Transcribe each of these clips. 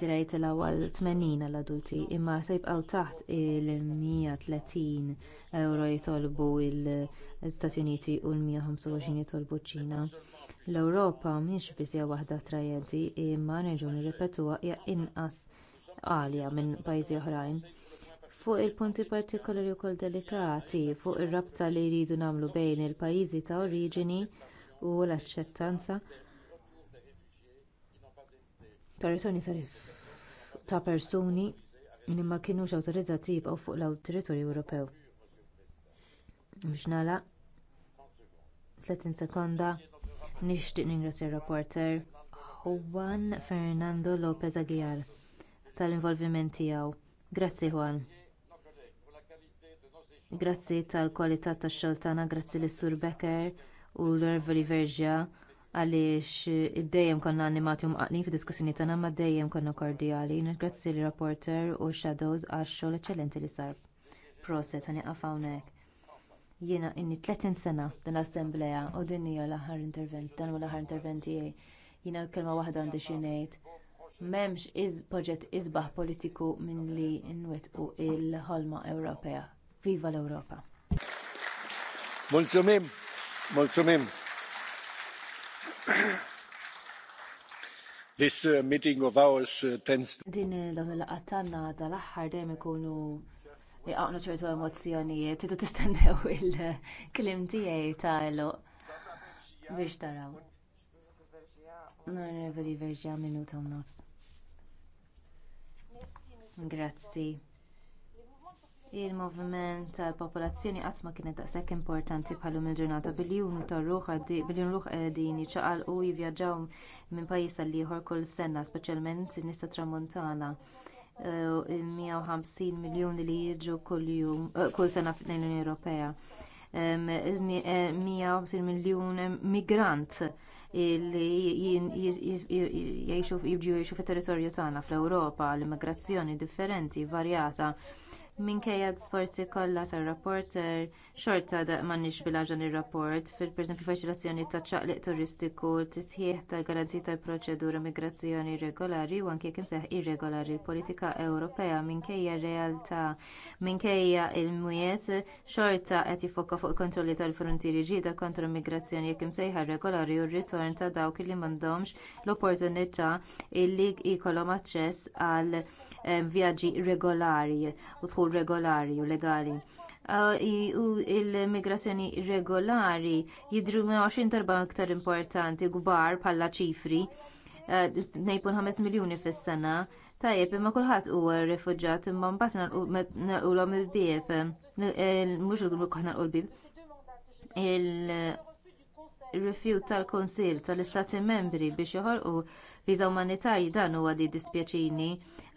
tirajt l-ewwel 80 għall-adulti imma se jibqgħu taħt il-130 euro jitolbu l-istati uniti u l-125 jitolbu ċ-ċina l-ewropa mhix biss hija waħda attrajenti imma nerġgħu nirrepetuha hija inqas għalja minn pajjiżi oħrajn fuq il-punti partikolari wkoll delikati fuq ir-rabta li jridu nagħmlu bejn il-pajjiżi ta' oriġini u l-aċċettanza persuni ta' persuni li ma kinux awtorizzati jibqgħu fuq territorju ewropew biex nagħlaq 30 sekonda nixtieq ningrazzja r-rapporter juan fernando lópez aguilar tal-involviment tiegħu grazzi juan grazzi tal-kwalità tax-xogħol tagħna grazzi lis-sur becker u l-onorevoli vergia għaliex dejjem konna animati u mqaqlin fid-diskussjoni tagħna ma dejjem konna kordjali. Nirgrazzi l rapporter u shadows għax xogħol eċċellenti li sar. Proset ħani hawnhekk. Jiena inni 30 sena din l-assembleja u din hija l-aħħar intervent, dan huwa l-aħħar intervent tiegħi. Jiena kelma waħda għandi xi ngħid. M'hemmx iż proġett isbaħ politiku minn li nwettqu l ħolma Ewropea. Viva l-Ewropa! Mulzumim! Mulzumim! This uh, meeting of ours uh, tends to... Din l-għamil għatanna dal-axħar dejjem ikunu jgħaqnu ċertu emozjonijiet, tidu tistennew il-klim tiegħi tagħlu biex taraw. Nirreveli verġja Grazzi il-moviment tal-popolazzjoni qatt ma kienet daqshekk importanti bħalhom il-ġurnata biljun ta' ruħ biljun ruħ qegħdin eh, u jivvjaġġaw minn pajjiż għal ieħor kull sena speċjalment in-nies tat-tramuntana. 150 eh, miljun li jiġu kuljum eh, kull sena fl-Unjoni Ewropea. 150 miljun migrant li jgħixu fit-territorju tagħna fl-Ewropa, l-immigrazzjoni differenti, varjata minkejja sforzi kollha tar-rapporter xorta m'għandniex bilanċ ir-rapport fil-pereżempju faċilitazzjoni taċ-ċaqliq turistiku tisħiħ tal garanziji tal-proċedura migrazzjoni regolari u anke kemm seħħ irregolari l-politika Ewropea minkejja r-realtà minkejja l-mwiet xorta qed jifokka fuq il-kontrolli tal frontieri ġieda kontra migrazzjoni jekk imsejħa regolari u r-ritorn ta' dawk li m'għandhomx l-opportunità li jkollhom aċċess għal eh, vjaġġi regolari u jkun regolari u legali. Uh, u il-migrazzjoni regolari jidru 20 darba aktar importanti kbar bħala ċifri, uh, nejpun 5 miljuni fis-sena. Tajjeb, imma kulħadd huwa rifuġġat imma mbagħad naqulhom il-bieb, mhux naqulhom l bieb Il-rifjut tal konsil tal-Istati Membri biex joħolqu viża umanitarji dan huwa li dispjaċini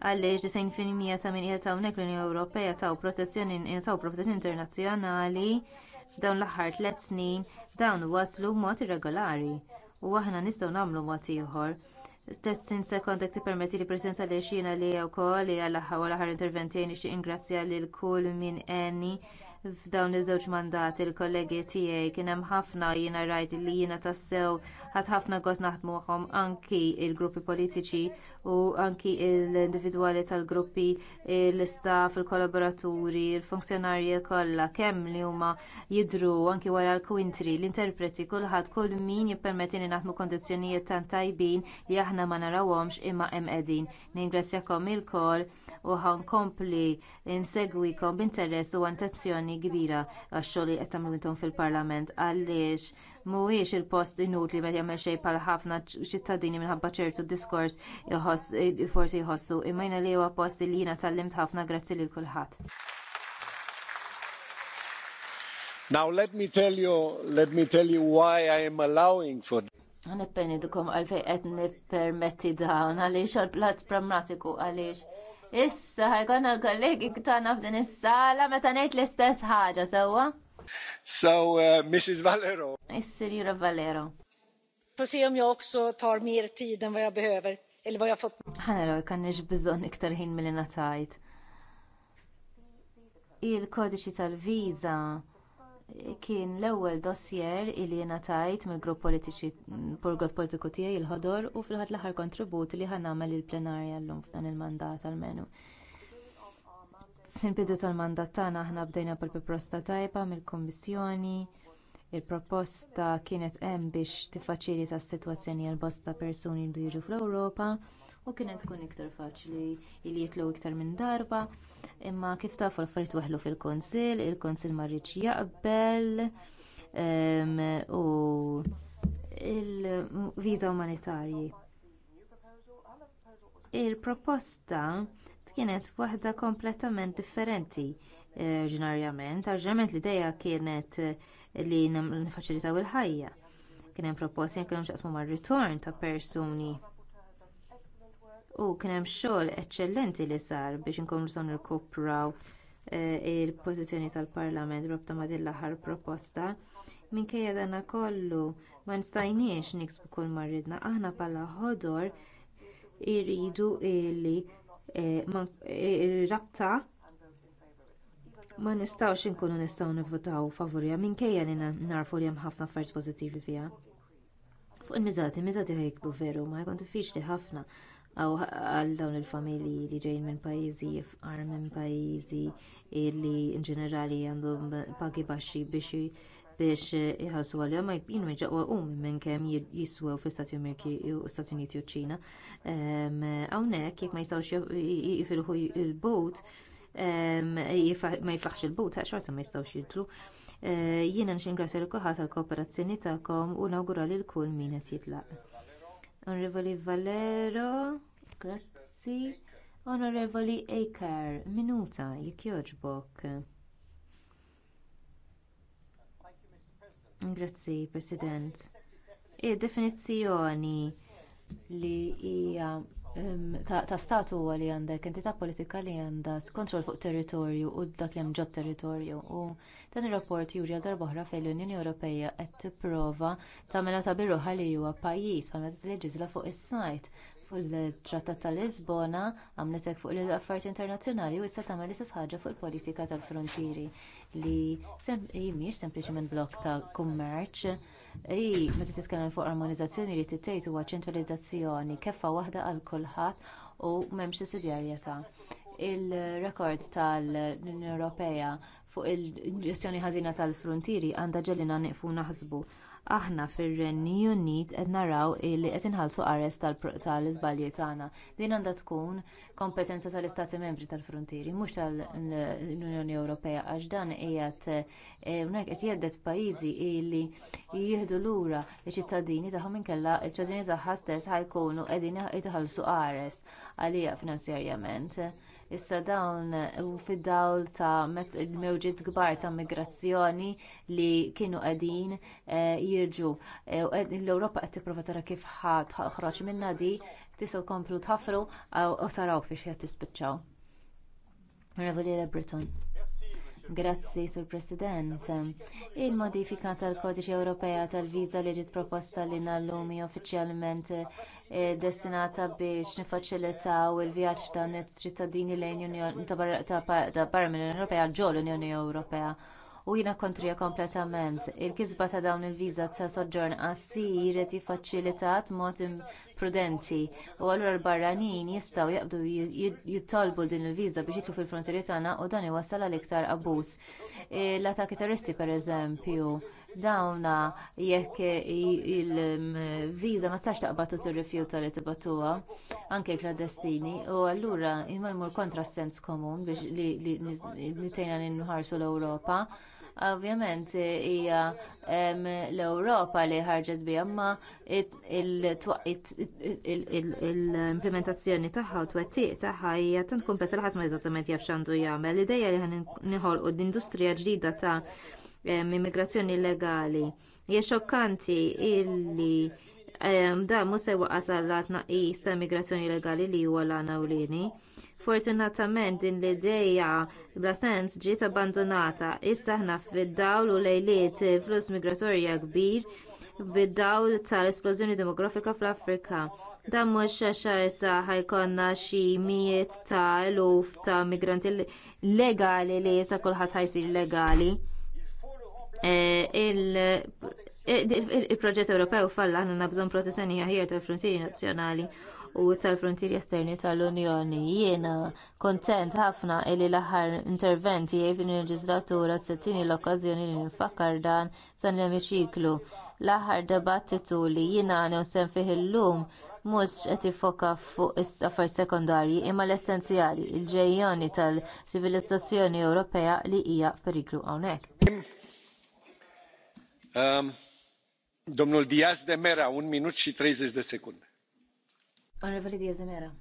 għaliex 90% ta' min qiegħed hawnhekk l-Unjoni Ewropea taw protezzjoni taw protezzjoni internazzjonali dawn l-aħħar tliet snin dawn waslu b'mod irregolari u aħna nistgħu nagħmlu mod ieħor. Stetsin sekondek ti permetti li prezenta li xina li għaw kol li għal-ħaw għal-ħar interventini xie ingrazzja li l-kull minn enni f'dawn iż-żewġ mandati il-kollegi tiegħi kien hemm ħafna jiena rajt li jiena tassew ħadd ħafna gost naħdmu magħhom anki l gruppi politiċi u anki l-individwali tal-gruppi, l-istaff, il-kollaboraturi, il-funzjonarji kollha kemm li huma jidhru anki wara l-kwintri, l-interpreti kulħadd kull min li naħdmu kondizzjonijiet tan tajbin li aħna ma narawhomx imma hemm qegħdin. Ningrazzjakom ilkoll u ħankompli insegwikom b'interess u attenzjoni kbira għax-xogħol qed tagħmlu fil-Parlament għaliex mhuwiex il-post inutli meta jagħmel xejn bħal ħafna ċittadini minħabba ċertu diskors forsi jħossu imma li huwa post li jiena tallimt ħafna grazzi lil kulħadd. Now let me tell you let me tell you why I am allowing for Għanippenidkom għalfej qed nippermetti dawn għaliex għal-plazz pragmatiku għaliex. Issa ħajkonna l-kollegi ktana f'din is-sala meta ngħid l-istess ħaġa sewwa. So, uh, Mrs. Valero. Signora Valero. Får se om jag också tar mer tid än vad jag behöver. Eller vad jag fått. Ħanaraw, kannix bżon iktar ħin mill natajt. Il-kodiċi tal-viza kien l-ewwel dossier li tajt mill-grupp politiċi purgot politiku tiegħi il-ħodor u fil-ħadd l-aħħar kontribut li ħanamel il-plenarja llum f'dan il-mandat għal-menu. Fil-bidu tal-mandat tagħna aħna bdejna bil-proposta tajba mill-Kummissjoni. Il-proposta kienet hemm biex tiffaċilita s-sitwazzjoni għal bosta persuni li jiġu fl-Ewropa u kienet tkun iktar faċli li jitlu iktar minn darba. Imma kif tafu l-affarijiet waħlu fil-Kunsill, il-Kunsill ma rridx jaqbel ehm, u il-viża umanitarji. Il-proposta kienet waħda kompletament differenti eh, ġenerjament, għax l-idea kienet eh, li nifaċilitaw il-ħajja. Kien hemm proposti kien hemm mar-ritorn ta' persuni u kien hemm xogħol eċċellenti li sar biex inkomplu son nirkupraw eh, il-pożizzjoni tal-Parlament rabta ma' din l-aħħar proposta. Minkejja dana kollu ma nistajniex niksbu kull ma rridna aħna bħala ħodor irridu li Eh, eh, rabta ma nistgħux inkunu nistgħu nivvotaw favorija minkejja li narfu li hemm ħafna affarijiet pożittivi fiha. Fuq il-miżati, miżati ħajkbru veru, ma jkun diffiċli ħafna għal dawn il-familji li ġejjin minn pajjiżi fqar minn pajjiżi li in ġenerali għandhom pagi baxxi biex biex eh, iħallsu għalhom ma jbinu jġaqwa um minn kemm jiswew fl-Istati Uniti u Stati Uniti u Ċina. Hawnhekk jekk ma jistgħux jifilħu il-bot ma jiflaħx il-bot, xorta ma jistgħux jidlu. Eh, jiena nxingrazzja l-kuħat tal-kooperazzjoni kom u nawgura lil kull min qed jitlaq. Onorevoli Valero, grazzi. Onorevoli Aker, minuta, jekk jogħġbok. Grazzi, President. Id-definizzjoni li hija ta' statu huwa li għandek entità politika li għandha kontroll fuq territorju u dak li hemm ġod territorju u dan ir-rapport juri għal darba oħra fejn l-Unjoni Ewropea qed tipprova tagħmilha ta' birruħa li huwa pajjiż bħalma tilleġisla fuq is-sajt fuq il-Trattat ta' Lisbona għamlet fuq l-affarijiet internazzjonali u issa tagħmel istess ħaġa fuq il-politika tal-frontieri li jimiex sempliċement blokk ta' kummerċ. I, meta titkellem fuq armonizzazzjoni li titejt huwa ċentralizzazzjoni keffa waħda għal kulħadd u m'hemmx sussidjarjetà. Il-rekord tal-Unjoni Ewropea fuq il-ġestjoni ħażina tal-fruntieri għandha ġellina nieqfu naħsbu aħna fir-renju unit qed naraw li qed inħallsu qares tal-iżbalji tagħna din għandha tkun kompetenza tal-istati membri tal-fruntieri mhux tal-unjoni ewropea għax dan qiegħed hawnhekk eh, qed jgħeddet pajjiżi li jieħdu lura ċ-ċittadini tagħhom inkella ċ-ċittadini tagħha stess ħajkunu qegħdin jitħallsu qares għalija finanzjarjament Issa dawn u fid-dawl ta' mewġiet kbar ta' migrazzjoni li kienu qegħdin eh, jirġu. Eh, L-Ewropa qed tipprova tara kif ħaħroġ minna di tistgħu jkomplu tħaffru u taraw fiex qed tispiċċaw. Mirevoli Briton. Grazzi, Sur President. Il-modifika tal-Kodiċi Ewropea tal-Viża li ġiet proposta li nallumi uffiċjalment eh, destinata biex nifaċilitaw il-vjaġġ ta' ċittadini lejn ta' barra unjoni Ewropea ġol unjoni Ewropea u jiena kontrija kompletament. Il-kisba ta' dawn il-viża ta' soġġorn qasir qed jiffaċilitat mod prudenti u allura l-barranin jistgħu jaqbdu jittolbu din il-viża biex jitlu fil-frontieri tagħna u dan iwassal għal iktar abbuż. L-attakki terroristi pereżempju dawna jekk il-viża ma tistax taqbad u tirrifjuta li tibatuha anke l-kladestini u allura imma jmur kontra s-sens komun biex li nitejna ninħarsu l-Ewropa. Ovvjament hija l-Ewropa li ħarġet bi imma l-implementazzjoni tagħha u twettiq tagħha hija tant kumpess il-ħadd ma eżattament jaf x'għandu jagħmel. L-idea li ħan u d-industrija ġdida ta' immigrazzjoni illegali. Hija xokkanti illi Ehm, dan mhux se jwaqqas għal tnaqqis ta' immigrazzjoni legali li huwa l-għana ewlieni. Fortunatament din l-idea bla sens ġiet abbandonata. Issa aħna fid-dawl u lejliet flus migratorja kbir bid-dawl tal esplużjoni demografika fl-Afrika. Dan mhux għaxa issa ħajkonna xi mijiet ta' eluf ta' migranti legali li issa kulħadd ħajsir legali. Eh, Il-proġett Ewropew falla ħna nabżon protezzjoni ħajja tal-frontieri nazzjonali u tal-frontieri esterni tal-Unjoni. Jiena kontent ħafna illi l-aħħar interventi jgħid il il s settini l-okkażjoni li nfakkar dan f'dan l-emiċiklu. L-aħħar dibattitu li jiena newsem fih illum mhux qed ifoka fuq affarijiet sekondarji imma l-essenzjali il-ġejjoni tal-ċivilizzazzjoni Ewropea li hija f'periklu hawnhekk. Um, Domnul Diaz de Mera, un de Onorevoli Diaz de Mera.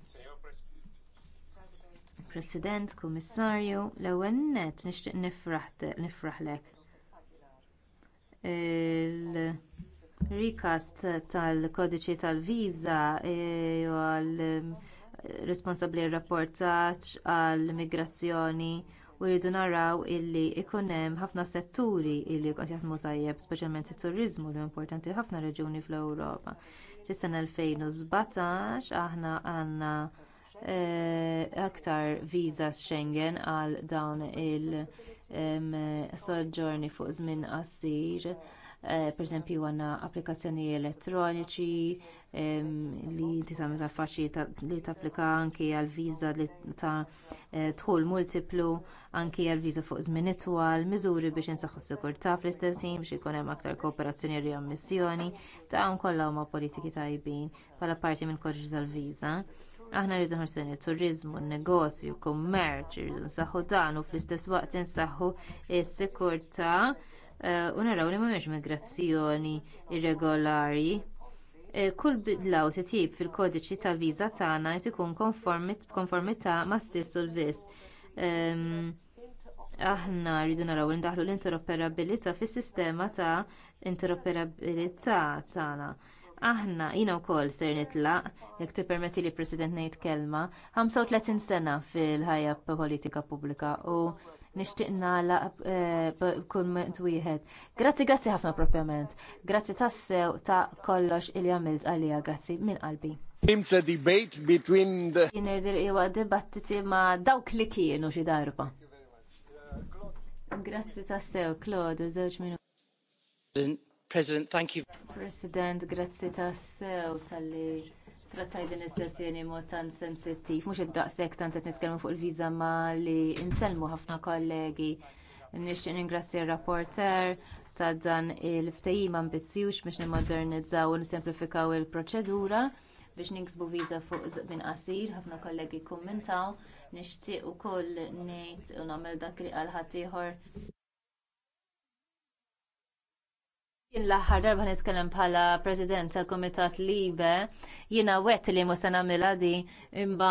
President, Kummissarju, l-ewwel nett nixtieq nifraħlek. Il-recast tal-kodiċi tal-viża e, għal e, responsabbli rapportaġġ għall-migrazzjoni u rridu naraw illi ikun hemm ħafna setturi illi qed jaħdmu tajjeb, speċjalment it-turiżmu li importanti ħafna reġuni fl-Ewropa. Fis-sena 2017 aħna għandna eh, aktar visas Schengen għal dawn il-soġġorni fuq żmien qasir Eh, pereżempju għandna applikazzjoni elettroniċi ehm, li tagħmel ta' faċli li tapplika anke għal viża li ta' dħul eh, multiplu, anke għal viża fuq żmien itwal, miżuri biex insaħħu s-sigurtà fl-istess ħin biex ikun hemm aktar kooperazzjoni u riammissjoni, dawn kollha huma politiki tajbin bħala parti minn korġ tal-viża aħna rridu ħarseni turiżmu, negozju, kummerċ, rridu nsaħħu dan u fl-istess waqt insaħħu s-sikurtà u naraw li mhumiex migrazzjoni irregolari eh, kull bidlaw se titjib fil-kodiċi tal-viża tagħna qed ikun konformità mas stess u l-viss. Ehm, aħna rridu naraw li ndaħlu l-interoperabilità fis-sistema ta' interoperabilità tagħna. Aħna jiena wkoll ser nitlaq, jekk tippermetti li President ngħid kelma, 35 sena fil-ħajja politika pubblika u nixtieq nagħlaq eh, b'kumment wieħed. Grazzi, grazzi ħafna propjament. Grazzi tassew ta' kollox il għamilt għalija, grazzi minn qalbi. Seems a debate between the Jinedir iwa dibattiti ma' dawk li kienu xi darba. Grazzi tassew, Claude, żewġ minuti. President, thank you. President, grazzi tassew tal-li trattaj din is-sessjoni mod tant sensittiv, mhux id-daqshekk tant qed nitkellmu fuq il-viża ma li inselmu ħafna kollegi. Nixtieq ningrazzja r-rapporter ta' dan il-ftehim ambizzjuż biex nimmodernizzaw u nisimplifikaw il-proċedura biex niksbu viża fuq żmien qasir, ħafna kollegi kkummentaw, nixtieq ukoll ngħid u nagħmel dak li qal ħadd ieħor. Jien l-aħħar darba nitkellem bħala President tal-Kumitat Libe Jiena wet li mus se nagħmilha di imba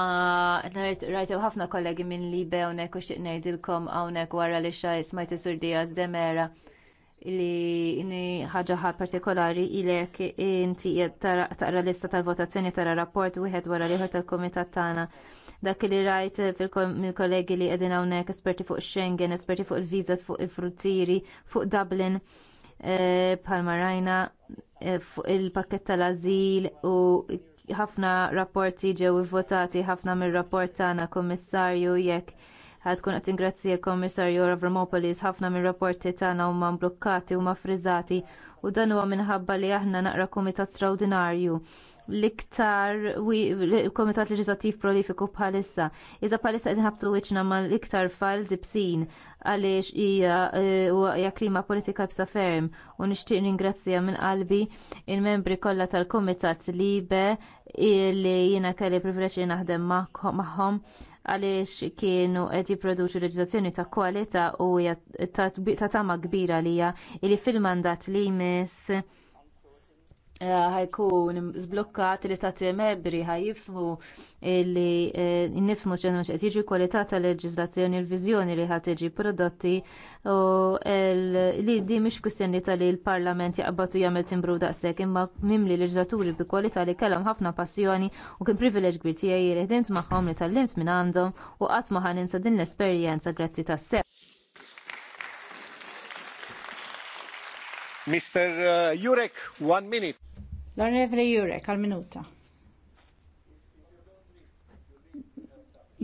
rajtew ħafna kollegi minn Libe hawnhekk u xtieq ngħidilkom hawnhekk wara li xa smajt isur Diaz Demera li ħaġa partikolari ilek inti taqra lista tal-votazzjoni tara rapport wieħed wara liħor tal-komitat tagħna. Dak li rajt fil-kollegi li qegħdin hawnhekk esperti fuq Schengen, esperti fuq il-viżas, fuq il-fruttieri, fuq Dublin bħalma eh, rajna eh, fuq il-pakket tal-azil u ħafna rapporti ġew ivvotati ħafna mir-rapport tagħna kummissarju jekk ħadkun qed ingrazzi l-Kummissarju Avramopolis ħafna mir-rapporti tagħna huma mblukkati huma friżati u dan huwa minħabba li aħna naqra kumitat straordinarju l-iktar komitat leġislattiv prolifiku bħalissa. Iżda bħalissa qed ħabtu wiċċna mal-iktar files ibsin għaliex eh, hija klima politika bsa ferm u nixtieq ningrazzja minn qalbi il-membri kollha tal-Kumitat Libe li jiena kelli privileġġi naħdem magħhom għaliex kienu qed jipproduċu leġiżlazzjoni ta' kwalità u ta' tama kbira li hija li fil-mandat li jmiss Eh, ħajkun zblokkat li ta' Mebri ħajifmu li eh, nifmu x'għandhom x'qed jiġi kwalità tal-leġiżlazzjoni l-viżjoni li ħad iġi prodotti u li di mhix kustjoni ta' li l-Parlament jaqbad u jagħmel timbru daqshekk imma mimli leġizlaturi bi kwalità li kellhom ħafna passjoni u kien privileġ kbir tiegħi li ħdimt magħhom li tallimt minn għandhom u qatt ma ħaninsa din l-esperjenza grazzi tas-sew. Mr. Uh, Jurek, one minute. L-Onorevole Jurek, għal minuta.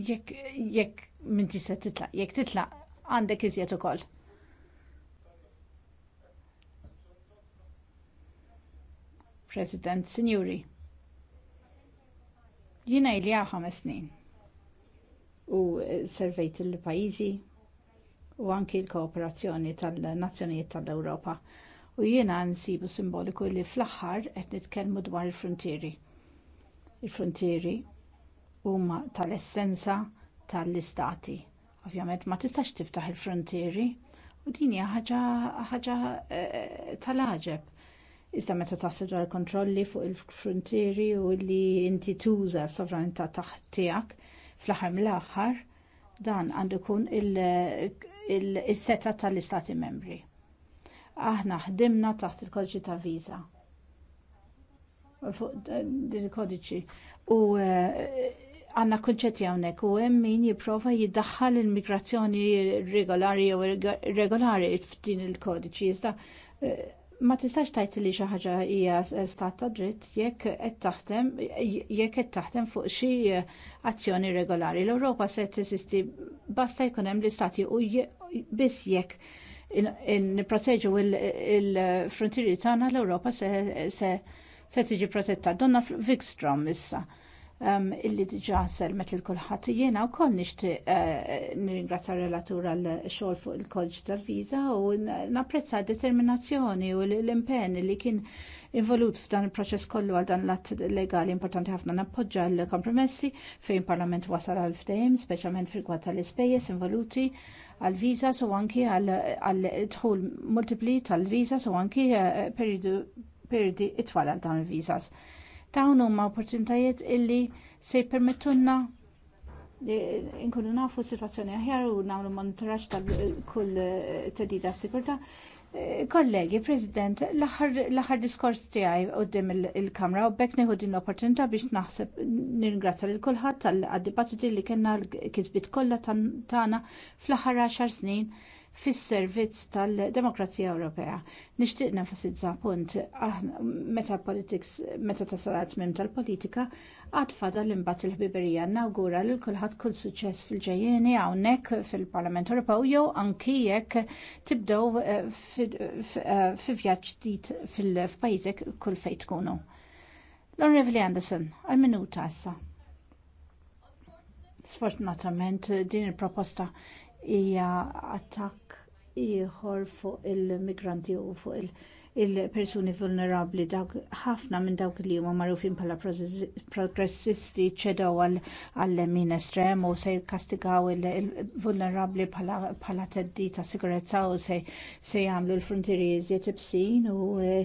Jekk jekk minn tista' titlaq, jekk titlaq għandek iżjed ukoll. President, Sinjuri, jiena ili ħames snin u servejt il-pajjiżi u anki l-kooperazzjoni tal-nazzjonijiet tal-Ewropa. tal nazzjonijiet tal ewropa u jiena nsibu simboliku li fl-aħħar qed nitkellmu dwar il-frontieri. Il-frontieri huma tal-essenza tal-istati. Ovvjament ma tistax tiftaħ il-frontieri u din hija ħaġa eh, tal-għaġeb. Iżda meta taħseb dwar kontrolli fuq il-frontieri u li inti tuża s-sovranità taħt tiegħek fl-aħħar mill-aħħar dan għandu jkun il-seta il il tal-istati membri aħna ħdimna taħt il-kodiċi ta' viża. Fuq il-kodiċi. U eh, għanna kunċetti jawnek u hemm min jipprova jiddaħħal il-migrazzjoni regolari jew regolari f'din il-kodiċi. Eh, ma tistax tajt li xi ħaġa hija stat ta' dritt jekk qed taħdem jekk qed taħdem fuq xi eh, azzjoni regolari. L-Ewropa se tesisti basta jkun hemm l-istati u biss jekk nipproteġu il-frontieri tagħna l-Ewropa se tiġi protetta. Donna Vikstrom issa um, illi diġa selmet lil kulħadd jiena wkoll nixtieq eh, nirringrazzja relatur għal xogħol fuq il-kolġ tal-viża u napprezza d-determinazzjoni u l-impenn li kien involut f'dan il-proċess kollu għal dan l-att legali importanti ħafna nappoġġa l-kompromessi fejn parlament wasal għal ftehim, speċjalment fil-gwad tal-ispejjeż involuti għal viża u anki għal dħul multipli tal-viżas u anki eh, periodi itwal għal dawn il-viżas. Dawn huma opportunitajiet illi se jippermettunna eh, inkunu nafu s-sitwazzjoni aħjar u nagħmlu monitoraġġ tal-kull eh, tedida s-sikurta Kollegi, President, l-aħħar diskors tiegħi dim il-Kamra u bekk neħu din l-opportunità biex naħseb ningrazzja l kulħadd tal dibattiti li kellna l-kisbit kollha tagħna fl-aħħar 10 snin fis-servizz tal-Demokrazija Ewropea. Nixtieq nenfasizza punt aħna meta politics meta tasalat minn tal-politika għad fadal imbagħad il-ħbiberija nawgura lil kulħadd kull suċċess fil-ġejjeni hawnhekk fil-Parlament Ewropew jew anki jekk tibdew eh, eh, fi vjaġġ ġdid fil kull fejn tkunu. L-Onorevoli Anderson, għal-minuta issa. Sfortunatament din il-proposta hija attakk ieħor fuq il-migranti u fuq il-, -migranti, il-persuni vulnerabbli dawk ħafna minn dawk li huma magħrufin bħala progressisti ċedaw għall-min estrem u se jkastigaw il-vulnerabbli bħala teddid ta' sigurezza u se jagħmlu l-frontieri iżjed ibsin u e,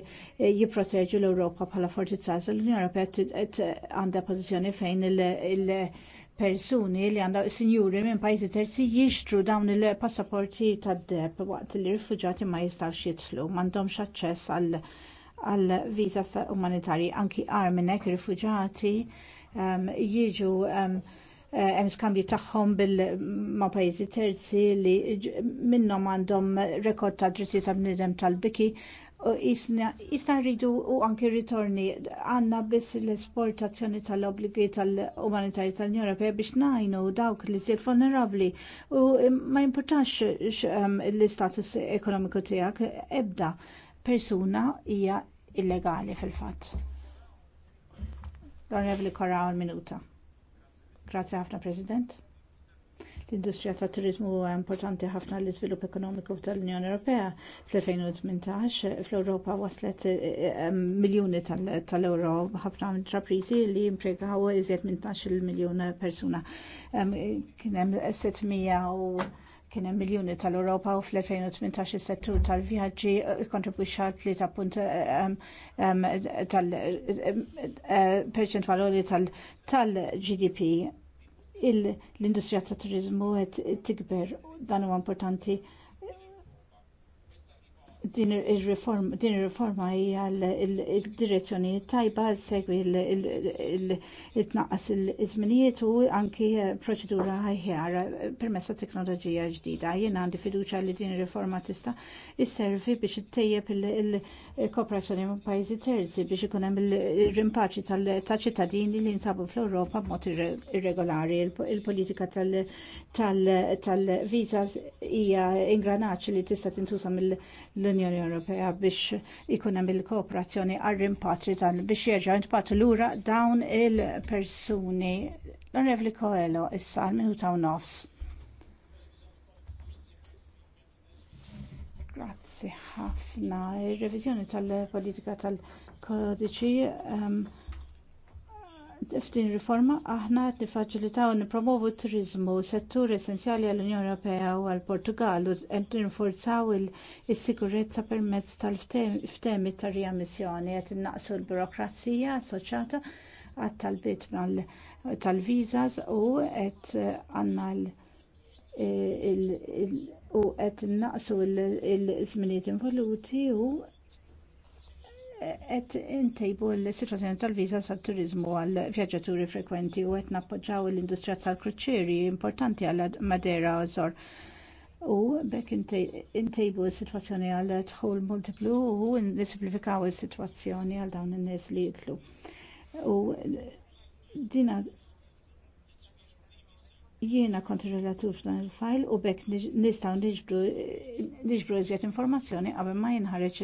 jipproteġu l-Ewropa bħala fortizza. L-Unjoni Ewropea għandha pożizzjoni fejn il- persuni li għandhom sinjuri minn pajjiżi terzi jixtru dawn il-passaporti tad-deb waqt li rifuġati ma jistgħux jidħlu m'għandhomx aċċess għal għal viżas umanitarji anki qar minn hekk rifuġati um, jiġu um, eh, hemm skambji tagħhom bil ma' pajjiżi terzi li minnhom għandhom rekord ta' drittijiet ta' bniedem tal-biki isna, rridu u anki ritorni għanna biss l-esportazzjoni tal-obligi tal-umanitarju tal-Unjoni Ewropea biex najnu dawk li żied vulnerabli u ma importax um, l-istatus ekonomiku tiegħek ebda persuna hija illegali fil-fatt. L-Onorevoli Korra minuta. Grazie ħafna President. L-industrija tat turiżmu huwa importanti ħafna l iżvilupp ekonomiku tal-Unjoni Ewropea. Fl-2018 fl-Ewropa waslet eh, eh, miljuni tal-euro ħafna intrapriżi li jimpjegaw iżjed minn 12 miljun persuna. Kien hemm 600 u kien hemm miljuni tal-Ewropa u fl-2018 is-settur tal-vjaġġi eh, kontribwixxa 3 punt tal-perċentwal tal-GDP l-industrija tat turiżmu qed tikber dan huwa importanti din il riforma hija l-direzzjoni tajba segwi l tnaqqas il-żminijiet u anki proċedura ħajħjar permessa teknoloġija ġdida. Jena għandi fiduċja li din ir-riforma tista' isservi biex tejjeb il-kooperazzjoni ma' pajjiżi terzi biex ikun hemm il-rimpaċi ta' ċittadini li nsabu fl-Ewropa b'mod irregolari. Il-politika tal-viżas hija ingranaċ li tista' tintuża mill l-Unjoni Ewropea biex ikunem il-kooperazzjoni għal rimpatri dan biex jerġa' l-ura dawn il-persuni. l onrevli Coelho issa għal minuta u nofs. Grazie ħafna. Il-revizjoni tal-politika tal-kodiċi um, F'din riforma aħna qed nifaċilitaw nippromovu t-turiżmu, settur essenzjali għall-Unjoni Ewropea u għall-Portugal u qed ninforzaw is-sigurezza permezz tal-ftemi tar-riammissjoni qed innaqsu l-burokrazija assoċjata għat-talbiet tal-viżas u qed għandna u qed naqsu l-żminijiet involuti u qed intejbu l-sitwazzjoni tal-viża sat-turiżmu għal vjaġġaturi frekwenti u qed nappoġġjaw l-industrija tal-kruċieri importanti għal Madeira u Azor. U bekk intejbu s-sitwazzjoni għal dħul multiplu u nisimplifikaw is-sitwazzjoni għal dawn in-nies li jitlu. U dina jiena kontra relatur f'dan il-fajl u bekk nistgħu niġbru iżjed informazzjoni qabel ma jinħareġ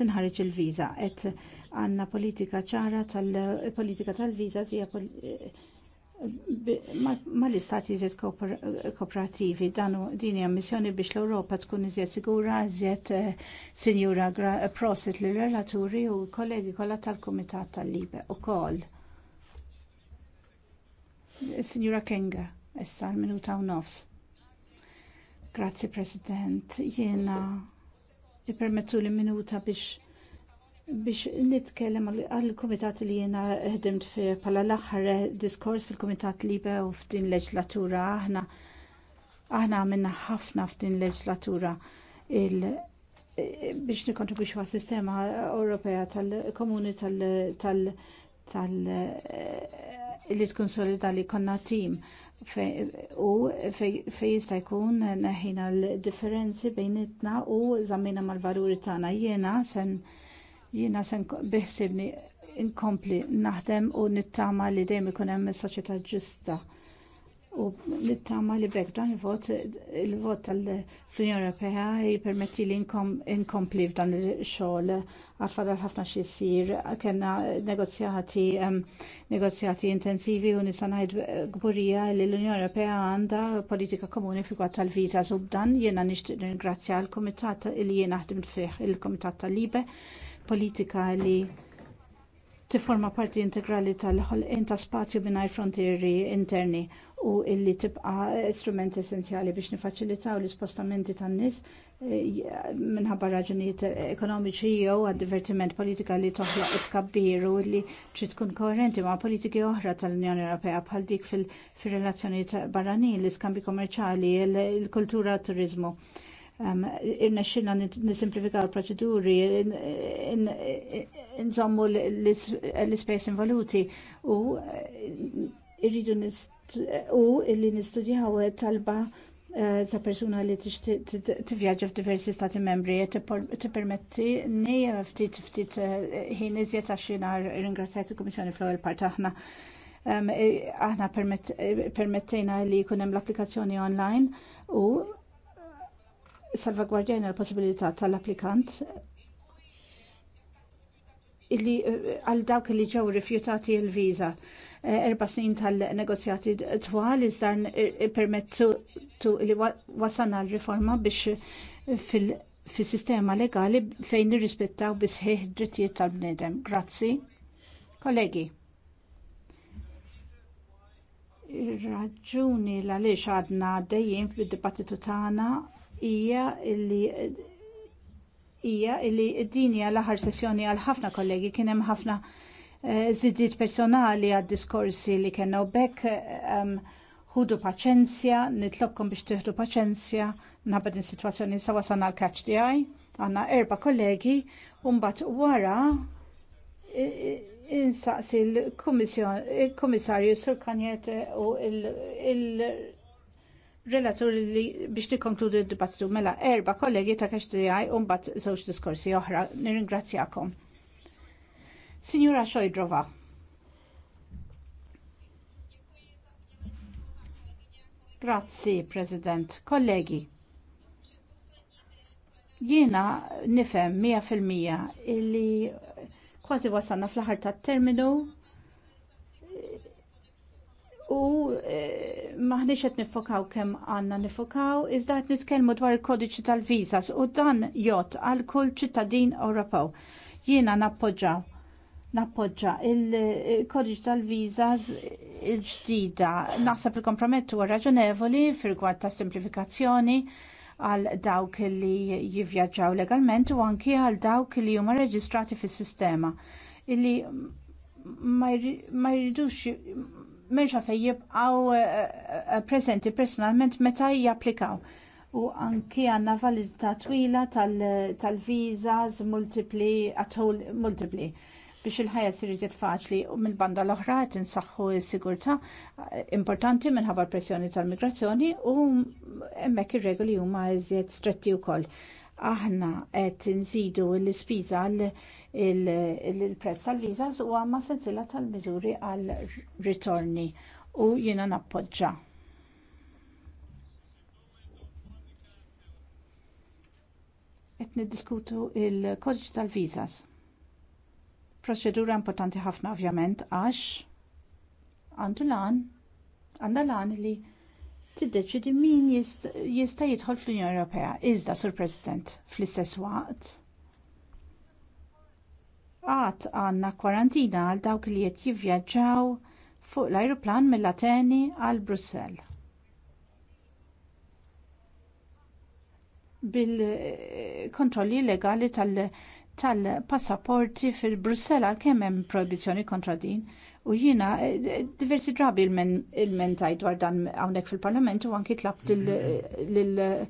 tinħareġ il-viża qed għandna politika ċara tal-politika tal-viża hija ma l-istati iżjed kooperativi danu din hija missjoni biex l europa tkun iżjed sigura, iżjed eh, sinjura prosit l relaturi u kollegi kollha tal-Kumitat tal-Libe ukoll. Signora Kenga issa l-minuta u nofs. Grazzi President, jiena ipermettu li minuta biex biex nitkellem għal komitat li jiena ħedimt fi pala l-aħħar diskors fil-Kumitat Libe u f'din leġlatura aħna aħna għamilna ħafna f'din leġlatura il biex nikontribwixxu għal sistema Ewropea tal-Komuni tal- tal- tal- eh, li tkun solidali konna tim u fej jista' jkun neħina l-differenzi bejnitna u żammina mal-valuri tagħna sen jiena sen biħsibni inkompli naħdem u nittama li dejjem ikun hemm soċjetà ġusta u nittama li bekk dan il-vot il-vot tal-Unjoni Ewropea jippermetti li nkompli f'dan il-xogħol għatfadal ħafna xi jsir kellna negozjati negozjati intensivi u nisa ngħid gburija li l-Unjoni Ewropea għandha politika komuni fil-kwatt tal-viża u b'dan jiena nixtieq nirringrazzja l-kumitat li jiena ħdimt fih il-kumitat tal-Libe politika li tifforma parti integrali tal-ħolqien ta' spazju mingħajr frontieri interni u illi tibqa strument essenzjali biex nifaċilitaw l-ispostamenti tan-nies eh, minħabba raġunijiet ekonomiċi jew għad divertiment politika li toħloq tkabbir u li trid tkun koerenti ma' politiki oħra tal-Unjoni Ewropea bħal dik fil-relazzjonijiet barranin, l-iskambi kommerċali, il-kultura, t-turizmu irna xina nisimplifika l-proċeduri, nżommu l-ispejs involuti u eh, irridu u illi nistudjaw talba eh, ta' persuna li tivvjaġġa f'diversi stati membri e tippermetti nija eh, ftit ftit eh, ħin iżjed għax jiena ringrazzjat il-Kummissjoni fl-ewwel part aħna aħna permettejna li jkun hemm l-applikazzjoni online u salvagwardjajna l-possibilità tal-applikant illi għal dawk li ġew rifjutati l-viża erba' snin tal-negozjati twal iżda permettu li wasalna l-riforma biex fil- sistema legali fejn nirrispettaw bi sħiħ drittijiet tal-bniedem. Grazzi. Kollegi. Ir-raġuni l għaliex għadna dejjem fid-dibattitu tagħna hija li hija li d-dinja l-aħħar sessjoni għal ħafna kollegi kien hemm ħafna Eh, Zidiet personali għad-diskorsi li kena u bekk ħudu paċenzja, nitlobkom biex tiħdu paċenzja nabad in sitwazzjoni sawa sanna l-kaċ għaj, Għandna erba' kollegi eh, u mbagħad wara insaqsi l-Kummissarju Sur Kanjet u il-relatur li biex nikkonkludu d-dibattitu mela erba' kollegi ta' kaċ di u mbagħad żewġ diskorsi oħra. Nirringrazzjakom. Signora Xojdrova. Grazzi, President. Kollegi, jiena nifem 100% illi kważi wasanna fl-aħħar tat-terminu u eh, maħniex qed nifokaw kemm għandna nifokaw, iżda qed nitkellmu dwar il-kodiċi tal-viżas u dan jot għal kull ċittadin Ewropew. Jiena nappoġġaw nappoġġa il-kodiċ tal vizas il-ġdida. Naħseb il-kompromett huwa raġonevoli fir-rigward ta' simplifikazzjoni għal dawk li jivvjaġġaw legalment u anki għal dawk li huma reġistrati fis-sistema illi ma jridux meġa fej jibqaw eh, eh, prezenti personalment meta japplikaw. U anki għanna validità twila tal-vizas multipli, għatħol multipli biex il-ħajja sir iżjed faċli u minn banda l-oħra qed insaħħu s-sigurtà importanti minħabba pressjoni tal-migrazzjoni u hemmhekk ir-regoli huma iżjed stretti wkoll. Aħna qed nżidu l-ispiża l prezz tal-viżas u għamma sensila tal-miżuri għal ritorni u jiena nappoġġa. Qed niddiskutu il-kodiċ tal-viżas. Proċedura importanti ħafna ovvjament għax għandu lan, għandu lan li tiddeċidi min jista' jidħol fl-Unjoni Ewropea. Iżda, Sur President, fl-istess waqt għat għandna kwarantina għal dawk li qed jivvjaġġaw fuq l-ajruplan mill-Ateni għal Brussell. Bil-kontrolli eh, legali tal- tal-passaporti fil-Brussella kemm hemm proibizzjoni kontra din u jiena eh, eh, diversi drabi il-mentajt dwar dan hawnhekk fil-Parlament u anki tlab lil eh,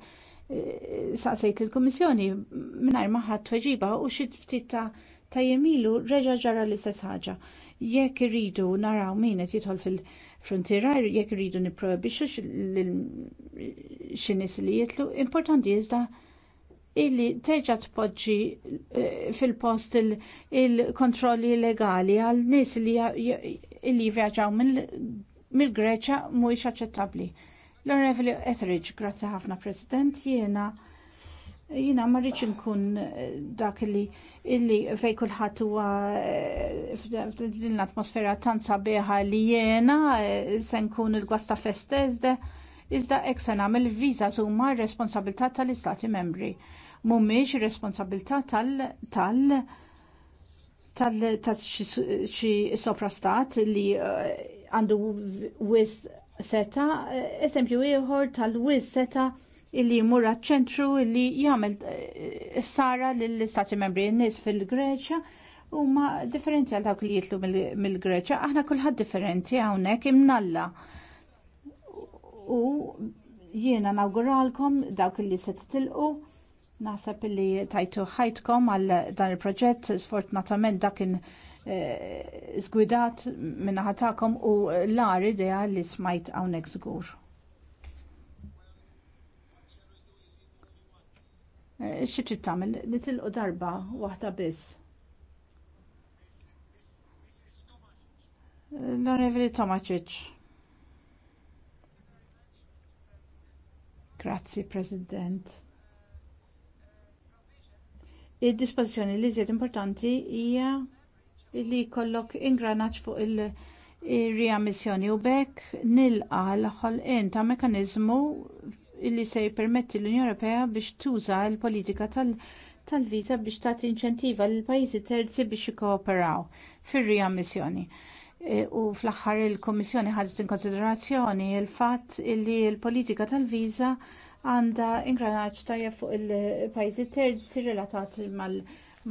saqsejt il-Kummissjoni mingħajr ma tweġiba u xi ftit ta' ta' jemilu reġa' ġara l-istess ħaġa. Jekk iridu naraw min qed jidħol fil-frontiera, jekk iridu nipprobixxu xi nies li jitlu, importanti iżda illi terġa' tpoġġi eh, fil-post il-kontrolli legali għal nies li illi vjaġġaw mill-Greċja mhuwiex aċċettabbli. L-Onorevoli Etheridge, grazzi ħafna President, jiena jiena ma rridx nkun eh, dak li illi fej kulħadd huwa eh, f'din l-atmosfera tant sabiħa li jiena se nkun il-gwasta festezde iżda hekk se nagħmel viża huma r-responsabilità tal-istati membri mhumiex responsabilità tal tal tal xi soprastat li eh, għandu wis seta, eh, eżempju ieħor tal-wis seta illi jmur ċentru illi jagħmel eh, sara lill-istati membri n-nies fil-Greċja huma differenti għal dawk li jitlu mill-Greċja, aħna kulħadd differenti hawnhekk imnalla. U jiena nawguralkom dawk li se titilqu Naħseb li tajtu ħajtkom għal dan il-proġett, sfortunatament dakin eh, zgwidat minna ħatakom u l idea li smajt għawnek zgur. Eh, Xie tamil, nitilqu darba waħda biss. L-Onorevoli Tomaċiċ. Grazzi, President. Id-dispożizzjoni li żied importanti hija li jkollok ingranaġġ fuq il-riammissjoni u bekk nilqa l-ħolqien ta' mekkaniżmu li se jippermetti l-Unjoni Ewropea biex tuża l-politika tal-viża biex tagħti inċentiva lil pajjiżi terzi biex jikkooperaw fir-riammissjoni. E, u fl-aħħar il-Kummissjoni ħadet in konsiderazzjoni l fatt li l-politika tal-viża għandha ingranaġġ tajjeb fuq il pajzi terzi relatat mal-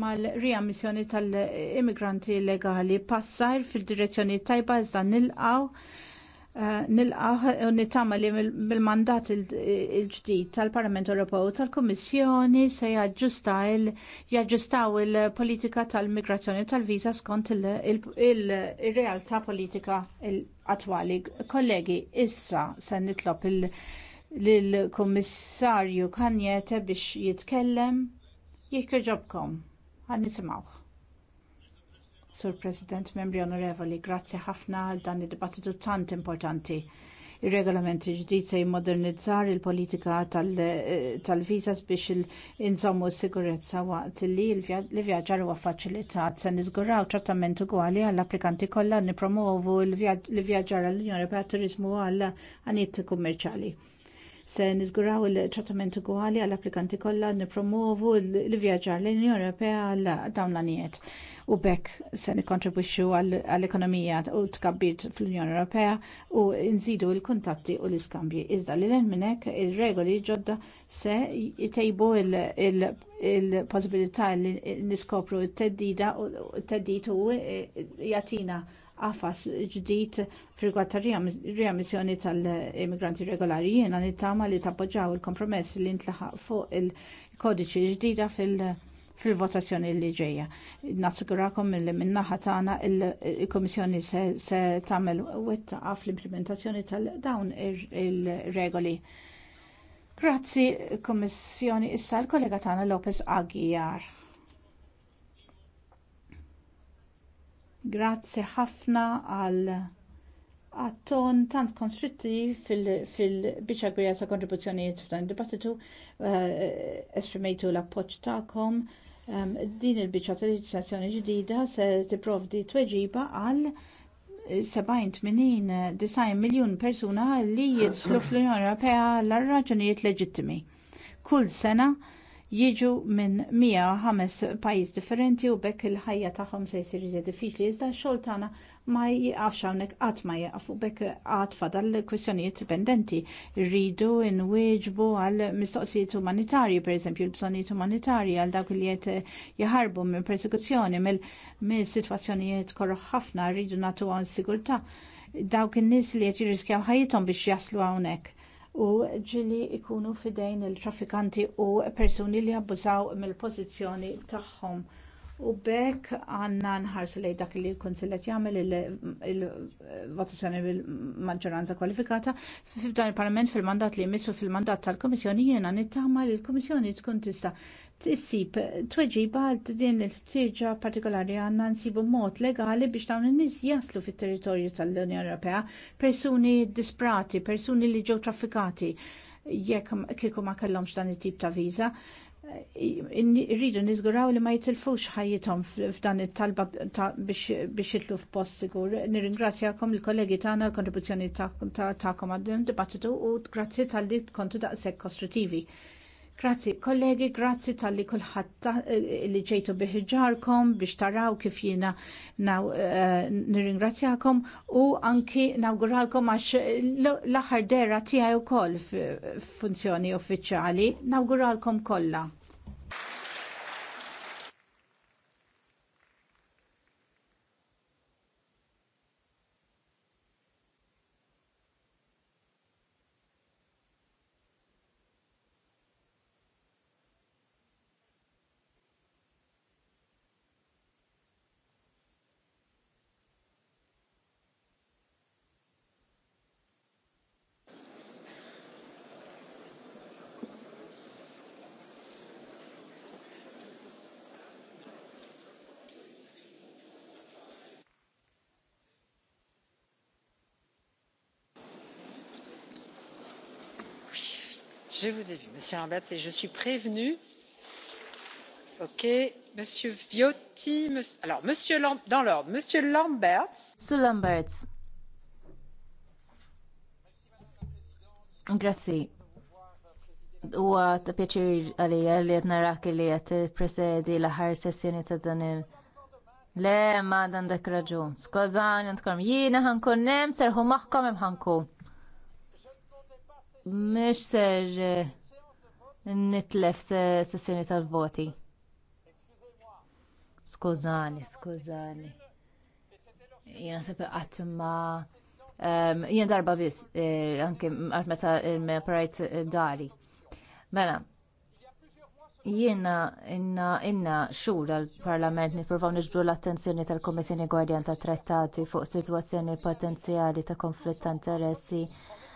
mal-riammissjoni tal-immigranti illegali passar fil-direzzjoni tajba iżda nilqaw eh, nilqaw nittama li mill-mandat il-ġdid tal-Parlament Ewropew tal-Kummissjoni se jaġġustaw il-politika tal-migrazzjoni tal-viża skont il-realtà politika attwali. Kollegi, issa se nitlob il- lill-Kummissarju Kanjete biex jitkellem jekk jogħġobkom. Għan Sur President, membri onorevoli, grazzi ħafna għal dan id-dibattitu tant importanti. ir regolamenti ġdid se jimmodernizzar il-politika tal-viżas biex inżommu s-sigurezza waqt li l-vjaġġar huwa faċilitat se niżguraw trattament ugwali għall-applikanti kollha nippromovu l-vjaġġar għall-Unjoni Europea Turizmu għall għanijiet kummerċjali se niżguraw il trattamenti kwali għall-applikanti kollha nippromovu l-vjaġġar lejn l-Unjoni Ewropea għal dawn l-anijiet. U bekk se nikkontribwixxu għall-ekonomija u tkabbir fl-Unjoni Ewropea u nżidu l-kuntatti u l-iskambji. Iżda li l minn hekk ir-regoli ġodda se jtejbu il-possibilità li niskopru t-teddida u t-teddid u e, jagħtina għafas ġdid frigwat ta' riammissjoni tal-immigranti regolari jiena nittama li tappoġġaw il-kompromess li ntlaħaq fuq il-kodiċi ġdida fil- votazzjoni li ġejja. Nassigurakom li min-naħa tagħna il-Kummissjoni se tagħmel għaf fl-implementazzjoni tal-dawn ir-regoli. Grazzi, Kummissjoni issa l-kollega tagħna Lopez Aguiar. Grazzi ħafna għal għatton tant konstruttiv fil-bicċa fil ta' kontribuzzjonijiet f'dan dibattitu uh, eh, esprimejtu l-appoċ ta'kom. Um, din il-bicċa ta' leġislazzjoni ġdida se tipprovdi tweġiba għal 70-80 miljun persuna li jidħlu fl-Unjoni Ewropea l raġunijiet leġittimi. Kull sena jiġu minn 105 pajjiż differenti u bekk il-ħajja tagħhom se jsir iżjed diffiċli iżda x-xogħol tagħna ma jiqafx hawnhekk qatt ma jaqaf u bekk qatt fadal kwistjonijiet pendenti rridu nwieġbu għal mistoqsijiet umanitarji pereżempju l-bżonnijiet umanitarji għal dawk li qed jaħarbu minn persekuzzjoni mill sitwazzjonijiet korroħ ħafna rridu nagħtuhom sigurtà dawk in-nies li qed jirriskjaw ħajjithom biex jaslu hawnhekk u ġili jkunu fidejn il-traffikanti u persuni li abbużaw mill-pożizzjoni tagħhom U bekk għanna nħarsu li dak li l-Konsillet jagħmel il-votazzjoni bil-maġġoranza kwalifikata f'dan il-Parlament fil-mandat li jmissu fil-mandat tal-Komissjoni jiena nittama li l-Komissjoni tkun tista' tissib tweġiba għal din il-ħtieġa partikolari għandna nsibu mod legali biex dawn in-nies jaslu fit-territorju tal-Unjoni Ewropea persuni disprati, persuni li ġew traffikati jekk kieku ma kellhomx dan it-tip ta' viża rridu nizguraw li ma jitilfux ħajjithom f'dan it-talba biex jitlu f'post sigur. Nirringrazzjakom il-kollegi tagħna l-kontribuzzjoni tagħkom għad dibattitu u grazzi tal-li kontu daqshekk kostruttivi. Grazzi, kollegi, grazzi tal-li kullħatta eh, li ġejtu biħġarkom biex taraw kif jina eh, nirringrazzjakom u anki nawguralkom għax l-aħħar dera tiegħi wkoll f'funzjoni uffiċjali, nawguralkom kollha. monsieur lamberts et je suis prévenue. monsieur viotti alors monsieur dans l'ordre monsieur lamberts. Grazzi. Huwa ta' pjaċir għalija li qed narak li qed presedi l-aħħar sessjoni ta' dan il- Le, ma dan dak raġun. Skużani, għandkom ħankun nem, serħu maħkom hemm mhux ser eh, nitlef sessjoni tal-voti. Skużani, skużani. Jiena sepe qatt ma ehm, jien darba biss eh, anke għal meta parajt dari. Mela, jiena inna inna xhur għall-Parlament nippruvaw niġbru l-attenzjoni tal-Kummissjoni Gwardjan tat Trattati fuq sitwazzjoni potenzjali ta' konflitt ta' interessi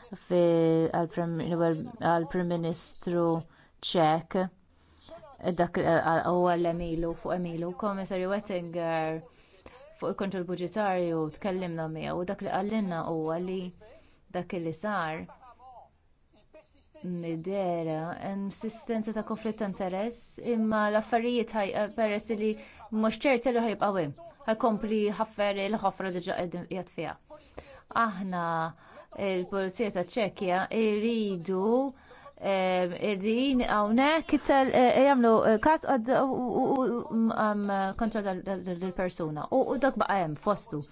għall-Prim Ministru Ċek dak u għall-Emilu fuq Emilu Komissarju Wettinger fuq il-kontroll budġetarju tkellimna miegħu u dak li għallinna huwa li dak li sar midera hemm sistenza ta' konflitt ta' interess imma l-affarijiet peress li mhux ċert li ħajbqgħu hemm ħajkompli ħaffer il-ħofra diġà qiegħed fiha. Aħna il-Polizija ta' Ċekkja iridu eh, din hawnhekk jagħmlu każ kontra dal-persuna u dak baqa' hemm fostu.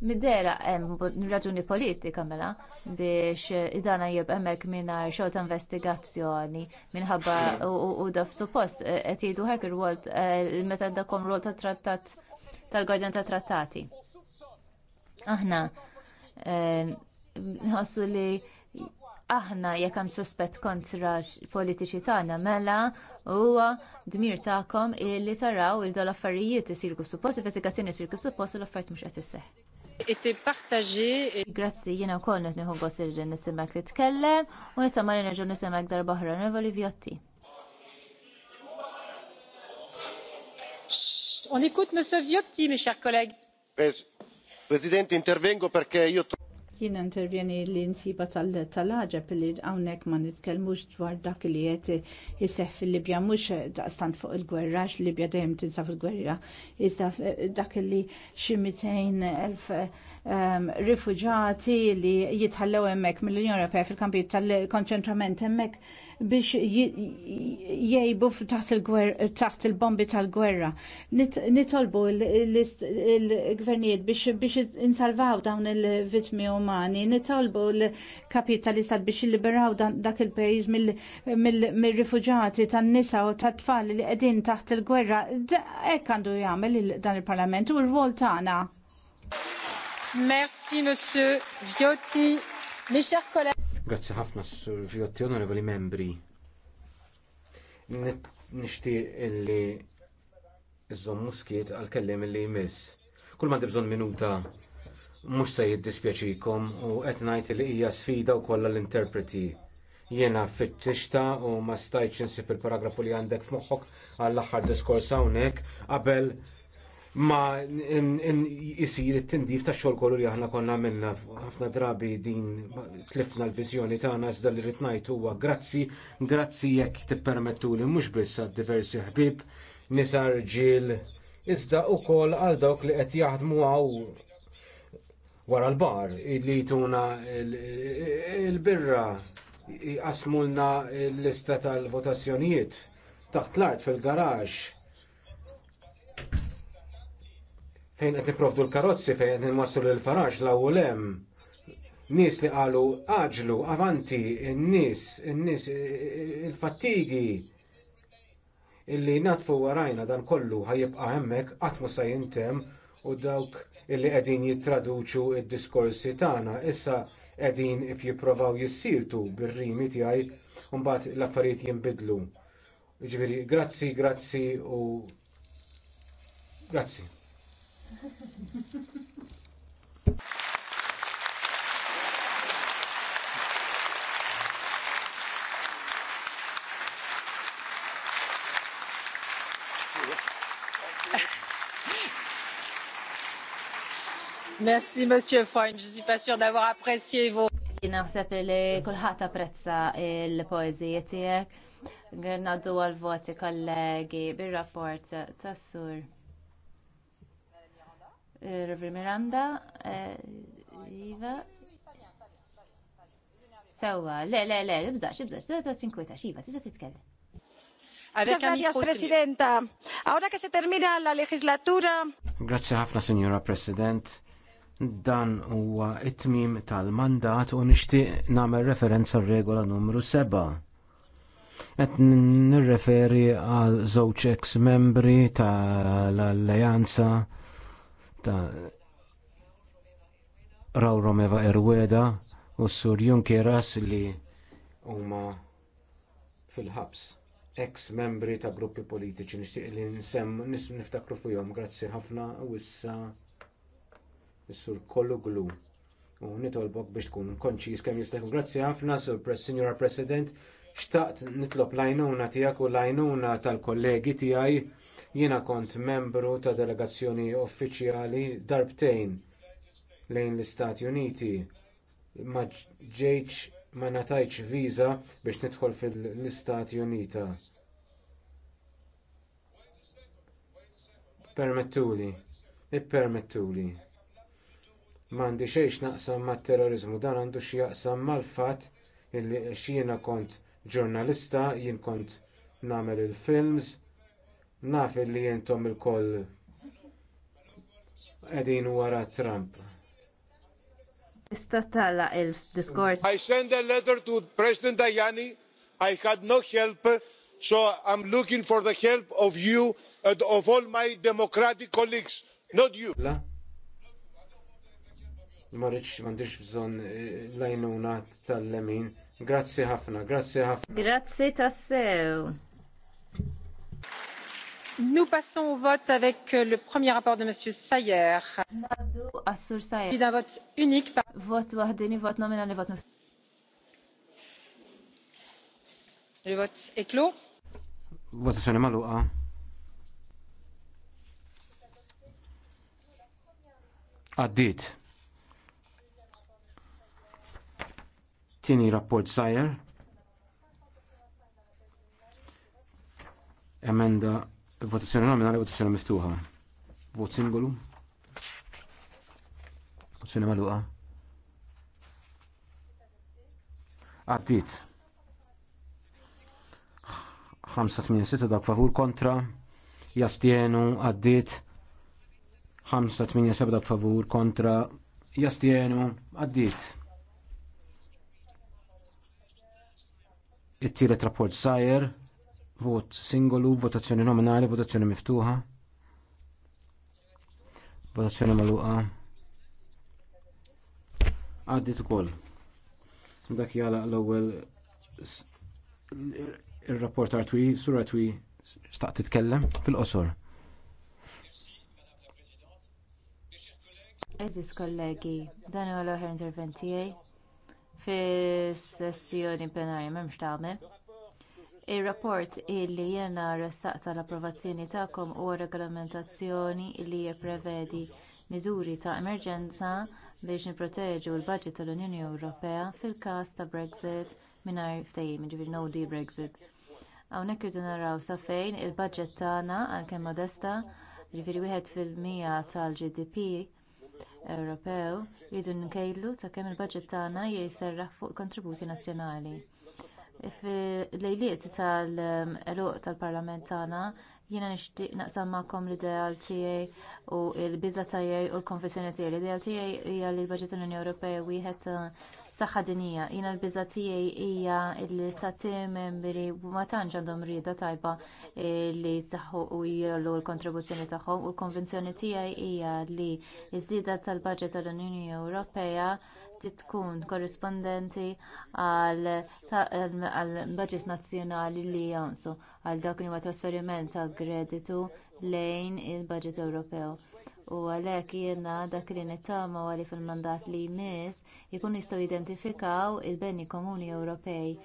Middera hemm raġuni politika mela biex idana jib hemmhekk mingħajr xogħol ta' investigazzjoni minħabba u daf suppost eh, qed jgħidu hekk ir-wol eh, meta dakom rol ta' trattat tal-Gwardjan ta' Trattati. Aħna nħossu li aħna jekk hemm suspett kontra politiċi tagħna mela huwa dmir tagħkom li taraw il dol affarijiet isir kif suppost, investigazzjoni isir kif suppost u l-affarijiet mhux qed isseħħ. Grazzi, jena u koll netniħu gost irri nisimak li t-kellem, u nittama li nerġgħu nisimak darba oħra Nevoli Vjotti. On ikut, Monsieur Viotti, mes chers collègues. Presidente, intervengo perché io Jien intervjeni li nsiba tal-ħagġab li hawnhekk ma nitkelmux dwar dak li qed jiseħħ fil-Libja mhux daqstant fuq il-gwerra x-Libja dejjem tinsa fil-gwerra. Iżda dak li xi 200,000 ehm, rifuġati li jitħallew hemmhekk mill-Unjoni Ewropea fil kampi tal-konċentrament hemmhekk biex jiejbu taħt il-bombi tal-gwerra. Nitolbu l-gvernijiet biex insalvaw dawn il-vitmi umani, nitolbu l kapitalistat biex liberaw dak il-pajis mill-rifugġati tan-nisa u tat-tfal li qegħdin taħt il-gwerra. Hekk għandu jagħmel dan il-Parlament u l rwol tagħna. Merci, Monsieur Viotti. Mes chers collègues, Grazzi ħafna sur Fjotti onorevoli membri. Nixtieq illi iżżomm muskiet għal kelliem illi jmiss. Kull m'għandi bżonn minuta mhux se jiddispjaċikom u qed ngħid li hija sfida wkoll għall interpreti Jiena fittixta u ma stajtx insib il-paragrafu li għandek f'moħħok għall aħħar diskors hawnhekk qabel ma jisir it-tindif ta' xogħol kollu li aħna konna għamilna ħafna drabi din tlifna l-viżjoni tagħna iżda li rid ngħid huwa grazzi, grazzi jekk tippermettu li mhux biss għad diversi ħbieb nisa ġil iżda wkoll għal dawk li qed jaħdmu għaw wara l-bar li jtuna il-birra jqasmulna l-lista tal-votazzjonijiet taħt l-art fil-garaġġ fejn qed iprovdu l-karozzi fejn qed inwasslu l-faraġ l-ewwel hemm. Nies li qalu aġlu, avanti, in-nies, in-nies il-fattigi illi natfu warajna dan kollu ħajibqa' hemmhekk qatt ma se jintemm u dawk illi qegħdin jittraduċu d diskorsi tagħna issa qegħdin jippruvaw jissirtu bir-rimi tiegħi u mbagħad l-affarijiet jinbidlu. Jiġifieri grazzi, grazzi u grazzi. Merci, Monsieur Fine. Je suis pas sûr d'avoir apprécié vos. Naħseb li kulħadd apprezza il poeżija tiegħek. Ngħaddu għal-voti kollegi bir-rapport tas-sur. Eh, Reverend Miranda, eh, Iva. Sawa, le, le, le, ibżax, ibżax, tista tinkwita, xiva, tista titkellem. Gracias, Presidenta. Ahora que se termina la legislatura. Grazie ħafna, Signora President. Dan huwa it-tmim tal-mandat u nixtieq nagħmel referenza regola numru 7. Qed nirreferi għal żewġ ex membri tal-Alleanza ta' Raw Romeva Erweda u s-sur Junkeras li huma fil-ħabs ex membri ta' gruppi politiċi nixtieq li nsemm nism niftakru fuqhom grazzi ħafna u issa is-sur kollu glu u nitolbok biex tkun konċis kemm jista' Grazzi ħafna sur Signora President xtaqt nitlob l-għajnuna tiegħek u l-għajnuna tal-kollegi tiegħi Jiena kont membru ta' delegazzjoni uffiċjali darbtejn lejn l-Istati Uniti. Ma ma ngħatajtx viża biex nidħol fil-Istati Unita. Permettuli, ippermettuli. M'għandi xejn naqsam mat-terrorizmu dan għandu xi jaqsam mal-fatt illi xiena kont ġurnalista, jien kont nagħmel il-films, Naf li jentom il-koll edin wara Trump. Tista il-diskors. I sent a letter to President Tajani. I had no help, so I'm looking for the help of you and of all my democratic colleagues, not you. La? Marriċ mandiċ bżon eh, lajnunat tal-lemin. Grazie ħafna, grazie ħafna. Grazie tassew. Nous passons au vote avec euh, le premier rapport de Monsieur Sayer. Le vote est clos. Votazione rapport sajer. Emenda Votazzjoni nominali, votazzjoni miftuħa. Vot singolu. Votazzjoni magħluqa. Għaddit. 586 dak favur kontra. Jastienu għaddit. 587 dak favur kontra. Jastienu għaddit. It-tielet rapport sajer. Vot singolu, votazzjoni nominali, votazzjoni miftuħa. Votazzjoni magħluqa. Għaddit ukoll. Dak jala l-ewwel il rapport Artwi, sur Artwi staqt titkellem fil-qosor. Eżis kollegi, dan huwa l-oħra intervent fi fis-sessjoni plenarja m'hemmx tagħmel ir-rapport illi jiena ressaqt tal-approvazzjoni tagħkom huwa regolamentazzjoni li jipprevedi miżuri ta' emerġenza biex nipproteġu l-baġit tal-unjoni ewropea fil-każ ta' brexit mingħajr ftehim jiġifieri no deal brexit hawnhekk irridu naraw sa fejn il-baġġett tagħna għalkemm modesta jiġifieri wieħed fil-mija tal-gdp ewropew irridu nkejlu sakemm il-baġġett tagħna jiserraħ fuq kontributi nazzjonali fil-lejliet tal-eluq tal-parlament tagħna jiena nixtieq naqsam magħkom l-ideal tiegħi u l-biża' tiegħi u l-konfessjoni tiegħi. L-ideal tiegħi hija li l-baġit tal-Unjoni Ewropea wieħed saħħa dinija. Jiena l-biża' tiegħi hija l-istati membri ma tantx għandhom rieda tajba li jsaħħu u jollu l-kontribuzzjoni tagħhom u l-konvenzjoni tiegħi hija li ż-żieda tal-baġit tal-Unjoni Ewropea tkun korrispondenti għal budgets nazzjonali li jonsu għal dak li ma trasferiment ta' kreditu lejn il-budget Ewropew. U għalhekk jiena dak li nittama għali fil-mandat li jmiss jkun jistgħu jidentifikaw il-beni komuni Ewropej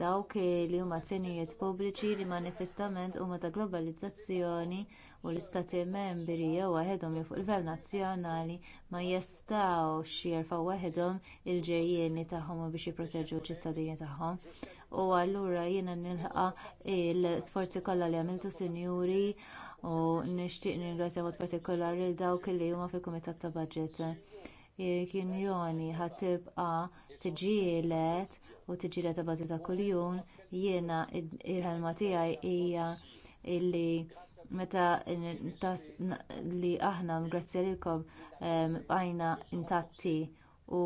dawk li huma azzjonijiet pubbliċi li manifestament huma ta' globalizzazzjoni u l-istati membri jew waħedhom jew fuq livell nazzjonali ma jistgħux jerfgħu waħedhom il-ġejjieni tagħhom biex jipproteġu ċ-ċittadini tagħhom u allura jiena nilħaq l-isforzi kollha li għamiltu sinjuri u nixtieq ningrazzja mod partikolari lil dawk li huma fil-kumitat ta' Budgets. Kien joni ħatibqa' tiġielet u tiġi ta' bażi ta' kuljum jiena il-ħelma tiegħi hija illi meta li aħna ngrazzja lilkom bqajna ehm, intatti u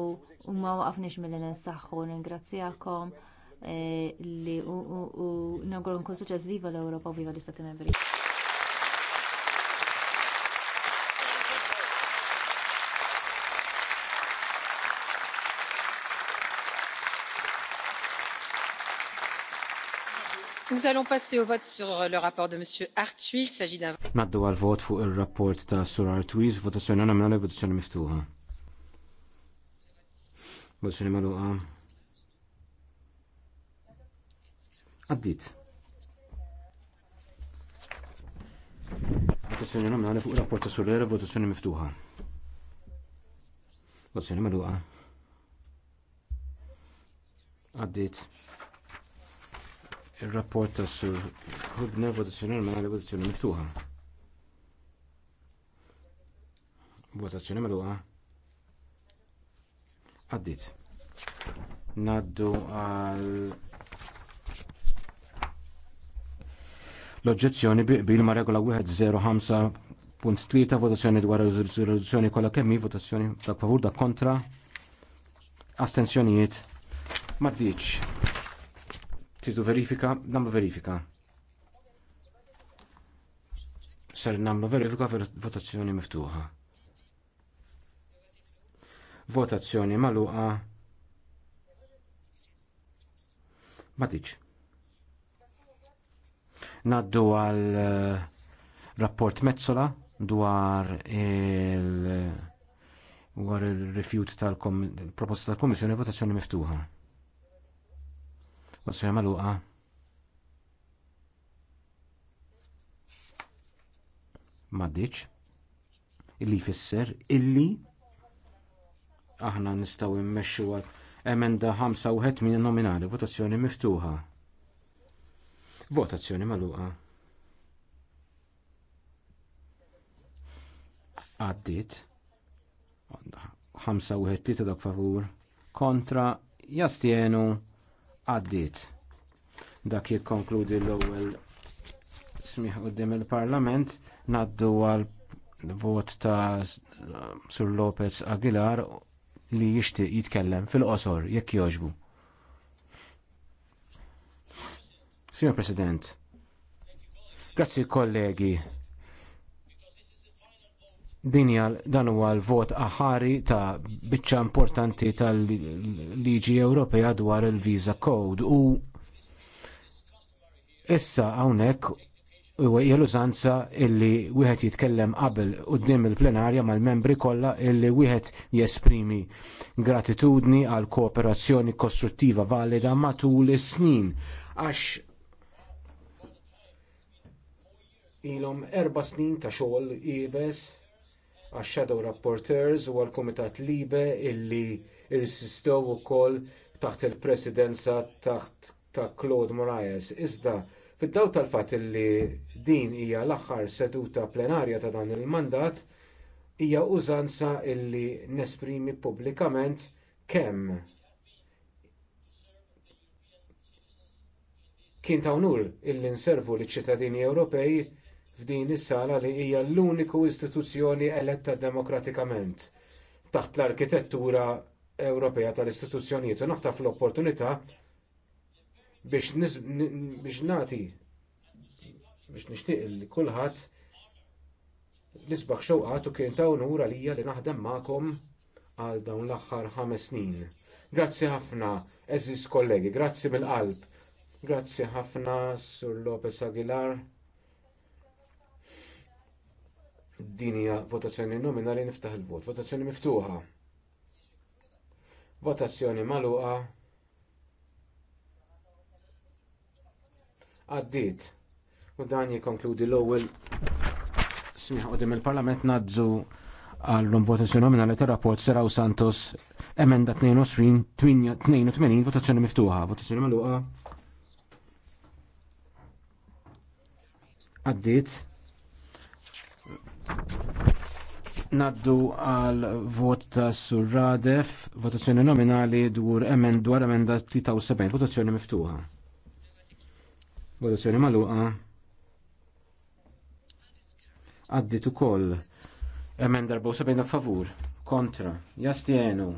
ma waqafniex milli ninsaħħu ningrazzjakom eh, li u nawgurunkom suċċess viva l-Ewropa u viva l-Istati Membri. Nous allons passer au vote sur le rapport de Monsieur Arthuis. Il s'agit d'un. Naddu għal vot fuq il-rapport ta' Sur Arthuis, votazzjoni nominali, votazzjoni miftuħa. Votazzjoni magħluqa. Għaddit. Votazzjoni nominali fuq il-rapport ta' Sur votazzjoni miftuħa. Votazzjoni magħluqa. Għaddit. Il-rapport tas sur Hubner votazzjoni nominali votazzjoni miftuħa. Votazzjoni magħluqa. Għaddit. Naddu għal l-oġġezzjoni biqbil ma' regola 1.05.3 votazzjoni dwar il-rezoluzzjoni kollha kemm votazzjoni dak favur dak kontra astenzjonijiet ma' diċ. Tridu verifika, namlu verifika. Ser namlu verifika fil votazzjoni miftuħa. Votazzjoni maluqa. Matiċ. Naddu għal eh, rapport Mezzola dwar il dwar il-rifjut tal-proposta tal-Komissjoni votazzjoni miftuħa. Votazzjoni magħluqa. Maddiċ. Illi jfisser illi aħna nistgħu immexxu għal emenda 5 minn nominali votazzjoni miftuħa. Votazzjoni magħluqa. Għaddit. 5 dak favur. Kontra jastienu għaddiet. Dak jikkonkludi l-ewwel smieħ quddiem il-Parlament ngħaddu għal vot ta' Sur Lopez Aguilar li jixtieq jitkellem fil-qosor jekk jogħġbu. Signor President, grazzi kollegi Dinja dan huwa l-vot aħari ta' biċċa importanti tal-liġi Ewropea dwar il-Visa Code u issa hawnhekk huwa hija l-użanza illi wieħed jitkellem qabel quddiem il-plenarja mal-membri kollha illi wieħed jesprimi gratitudni għal kooperazzjoni kostruttiva valida matul is-snin għax ilhom erba' snin ta' xogħol qiebes għax-Shadow Rapporteurs u għall-Kumitat Libe illi irsistow ukoll taħt il-presidenza taħt ta' Claude Moraes. Iżda, fid-daw tal-fatt illi din hija l-aħħar seduta plenarja ta' dan il-mandat, hija użanza illi nesprimi pubblikament kemm kien ta' unur illi nservu liċ ċittadini Ewropej f'din is-sala li hija l-uniku istituzzjoni eletta demokratikament taħt l-arkitettura Ewropea tal-istituzzjonijiet u naħtaf l-opportunità biex nagħti biex nixtieq li kulħadd nisbaħ xewqat u kien ta' unura lija li naħdem magħkom għal dawn l-aħħar ħames snin. Grazzi ħafna, eżis kollegi, grazzi mill-qalb. Grazzi ħafna, Sur Lopez Aguilar. Din hija votazzjoni nominali niftaħ il-vot. Votazzjoni miftuħa. Votazzjoni magħluqa. Għaddiet. U dan jikkonkludi l-ewwel smieħ qudiem il-Parlament nadżu għal votazzjoni nominali tar-rapport Seraw Santos emenda 22 82 votazzjoni miftuħa. Votazzjoni magħluqa. Għaddiet. Naddu għal vot ta' Surradef, votazzjoni nominali dwar emend dwar emenda 73, votazzjoni miftuħa. Votazzjoni maluqa. Għaddit ukoll emenda 74 da' favur, kontra, jastienu,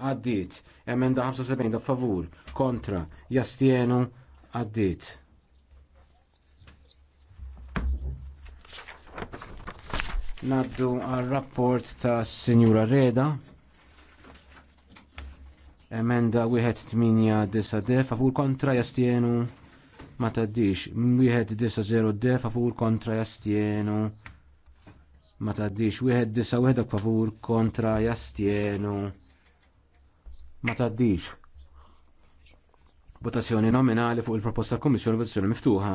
għaddit, emenda 75 da' favur, kontra, jastienu, għaddit. Naddu għal rapport ta' Sinjura Reda. Emenda 1.8.9 de favur kontra jastienu ma taddix. 1.9.0 de favur kontra jastienu ma taddix. 1.9.1 favur kontra jastienu ma taddix. Votazzjoni nominali fuq il-proposta tal Kommissjoni votazzjoni miftuħa.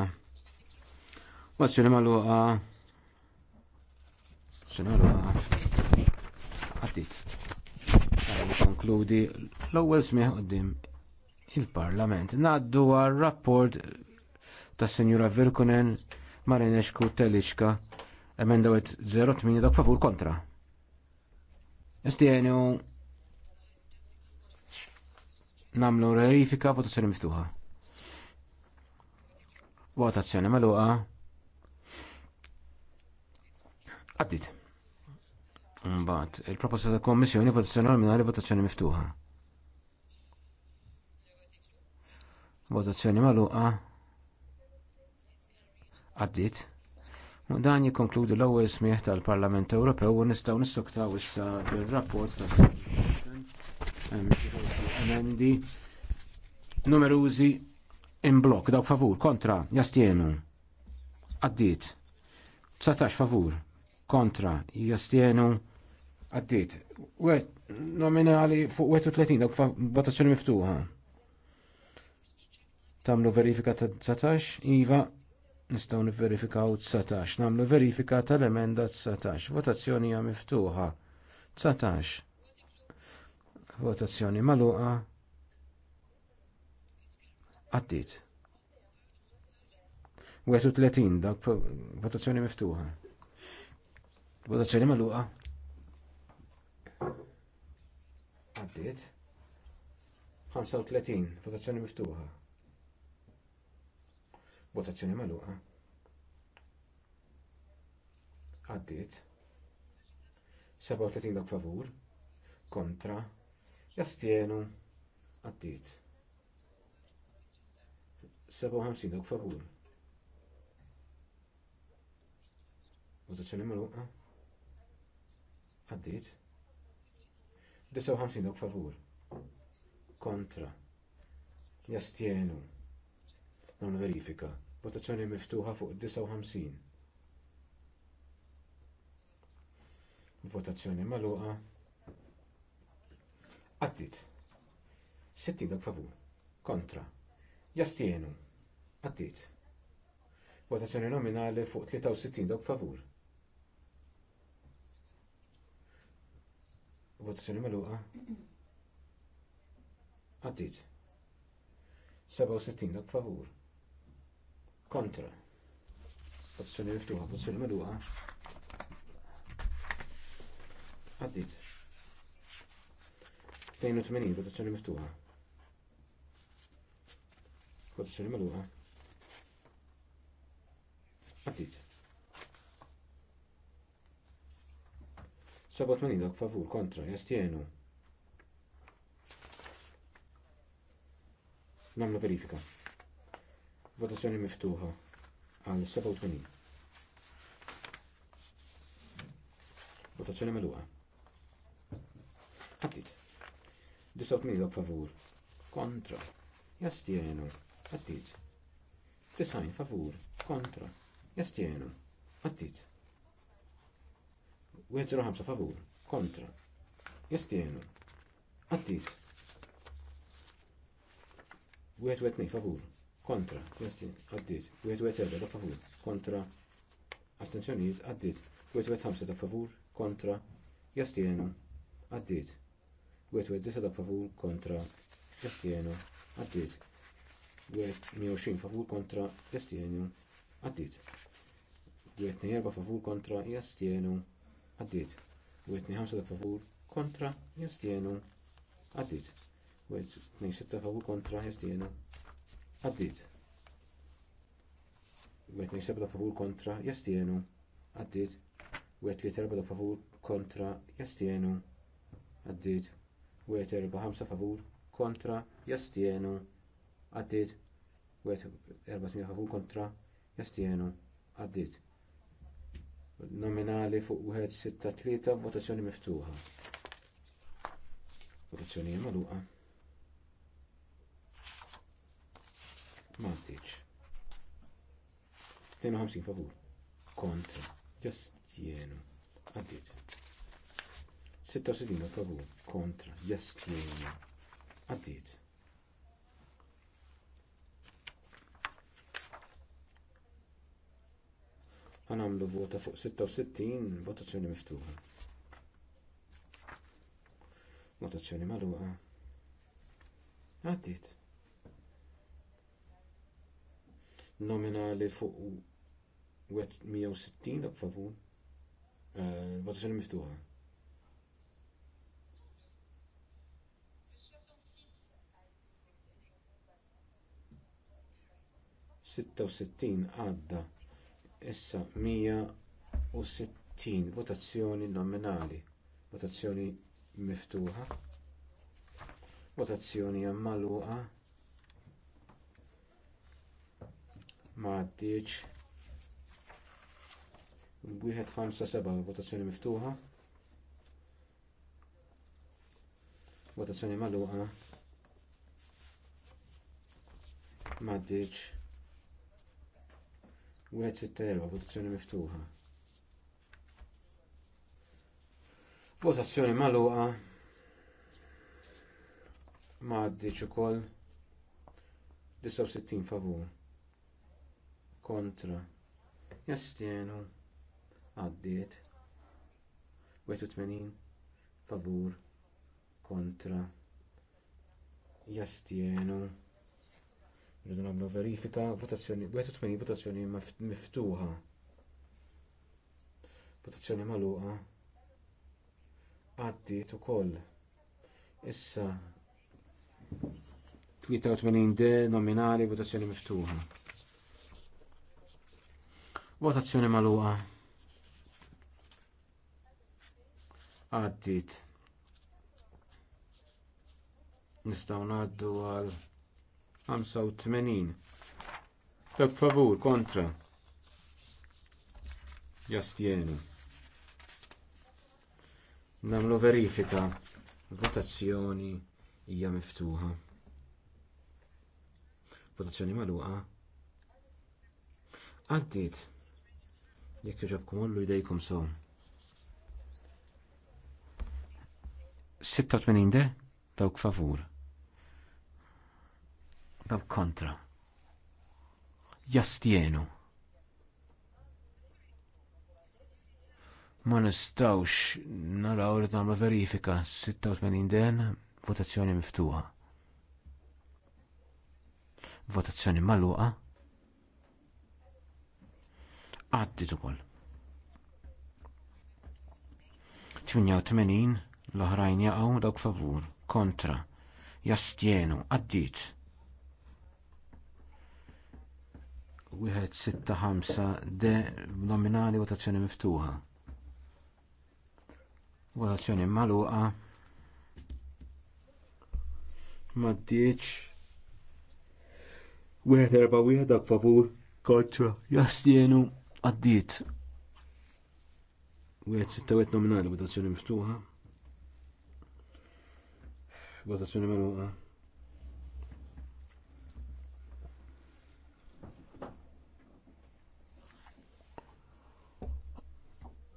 Votazzjoni maluqa Xinaru għarf. Għaddit. Konkludi l-ewwel smieħ qudiem il-Parlament. Naddu għal rapport tas Sinjura Virkunen Marinescu Teliċka emenda 08 dak favur kontra. Istienu namlu verifika votazzjoni miftuħa. Votazzjoni maluqa. Għaddit. Mbagħad, il-proposta ta' kommissjoni votazzjoni nominali votazzjoni miftuħa. Votazzjoni magħluqa U Dan jikkonkludi l-ewwel smieħ tal-Parlament Ewropew u nistgħu nissuktaw issa bir-rapport ta' emendi numerużi in blok dawk favur kontra jastienu. għaddit 19 favur kontra jostienu għaddit. Nominali fuq 31 dak votazzjoni miftuħa. Tamlu verifika ta' 19, Iva, nistaw niverifikaw 19, namlu verifika tal-emenda 19, votazzjoni ja miftuħa. 19. Votazzjoni maluqa. Għaddit. 31 dak votazzjoni miftuħa. Votazzjoni magħluqa. Għaddit. 35 votazzjoni miftuħa. Votazzjoni magħluqa. Għaddit. 37 dok favur kontra jastienu Għaddit. 57 dok favur. Votazzjoni magħluqa. Għaddit. 59 dawk favur. Kontra. Jastienu. Non verifika. Votazzjoni miftuħa fuq 59. Votazzjoni magħluqa. Għaddit. 60 dak favur. Kontra. Jastienu. Għaddit. Votazzjoni nominali fuq 63 dok favur. Votazzjoni magħluqa. Għaddit. 67 dak favur. Kontra. Votazzjoni miftuħa, votazzjoni magħluqa. Għaddit. 82 votazzjoni miftuħa. Votazzjoni magħluqa. Għaddit. 87 dak favur kontra jastienu. Namlu verifika. Votazzjoni miftuħa għal 87. Votazzjoni meluħa. Għattit. 89 dak favur kontra jastienu. Għattit. 90 favur kontra jastienu. Għattit. 5 favur kontra jastienu għattis 1-2 favur kontra jastienu għattis 1 2 favur kontra astenzjonijiet għattis 1-5 favur kontra jastienu għattis 1-9 favur kontra jastienu għattis 2 favur kontra jastienu għattis 1-4 favur kontra jastienu għaddit. Wet ta' favur kontra jastienu għaddit. Wet 6 favur kontra jastienu għaddit. Wet 7 favur kontra jastienu għaddit. Wet 3 favur kontra jastienu għaddit. Wet 5 favur kontra jastienu għaddit. Wet 4 favur kontra jastienu għaddit nominali fuq wieħed sitta tlieta votazzjoni miftuħa. Votazzjoni magħluqa. Mantiċ. 52 favur. Kontra. Jastienu. Għaddit. 66 favur. Kontra. Jastienu. Għaddit. ħanamlu vota fuq 66 votazzjoni miftuħa. Votazzjoni magħluqa. Għaddit. Nominali fuq 160 dak favur. Eh, votazzjoni miftuħa. 66 għadda issa 160 votazzjoni nominali votazzjoni miftuħa votazzjoni hemm ma' m'għaddiex wieħed ħamsa seba' votazzjoni miftuħa votazzjoni magħluqa m'għaddiex Wieħed sitta erba' votazzjoni miftuħa. Votazzjoni magħluqa m'għaddiċ ukoll 69 favur kontra jastienu għaddiet 81 favur kontra jastienu Rridu nagħmlu verifika votazzjoni, 81 votazzjoni miftuħa. Votazzjoni magħluqa. Għaddiet ukoll. Issa 83 de nominali votazzjoni miftuħa. Votazzjoni magħluqa. għaddiet Nistgħu ngħaddu għal 85. Dak favur kontra. Jastieni. Namlu verifika. Votazzjoni hija miftuħa. Votazzjoni magħluqa. Għaddit. Jekk iġobkom ollu jdejkom so. 86 de dawk favur. Daw kontra. Jastienu. Ma nistawx naraw li ma verifika 86 den votazzjoni miftuħa. Votazzjoni magħluqa. Għaddit ukoll. 88 l-oħrajn jaqgħu dawk favur kontra jastienu għaddit 165 d nominali votazzjoni miftuħa. Votazzjoni magħluqa. Maddiċ. Wieħed erba' wieħed dak favur kontra jastienu għaddiet. Wieħed sitta wieħed nominali votazzjoni miftuħa. Votazzjoni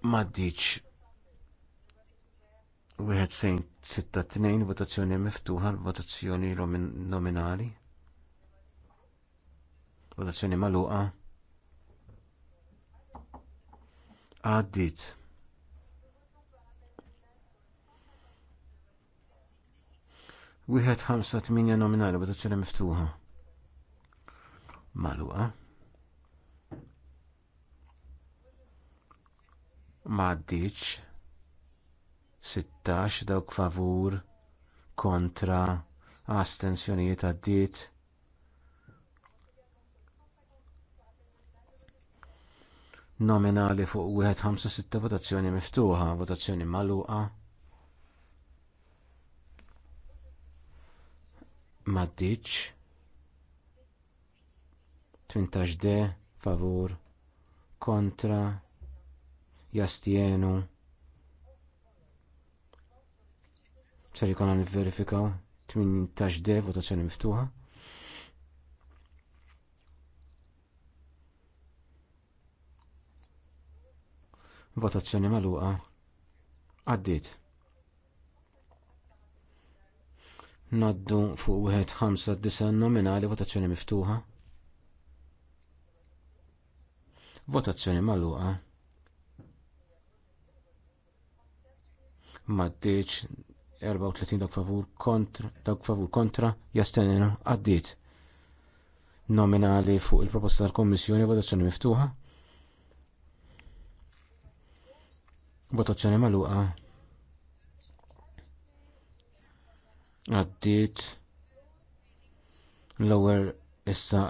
Maddiċ. Wieħed sejn 6-2 votazzjoni miftuħa votazzjoni nominali. Votazzjoni magħluqa. Għaddit. Wieħed 5-8 nominali votazzjoni miftuħa. Magħluqa. m'għaddiċ 16 dawk favur kontra astensjonijiet għaddiet nominali fuq wieħed 156 votazzjoni miftuħa, votazzjoni magħluqa. Maddiċ 13 de favur kontra jastienu. ċar jikon għan verifikaw 18 de votazzjoni miftuħa. Votazzjoni maluqa għaddit. Naddu fuq wieħed 5-9 nominali votazzjoni miftuħa. Votazzjoni magħluqa. maddiċ 34 dawk favur kontra dawk favur kontra għaddiet nominali fuq il-proposta tal-Kommissjoni votazzjoni miftuħa votazzjoni magħluqa għaddiet l-ewwel issa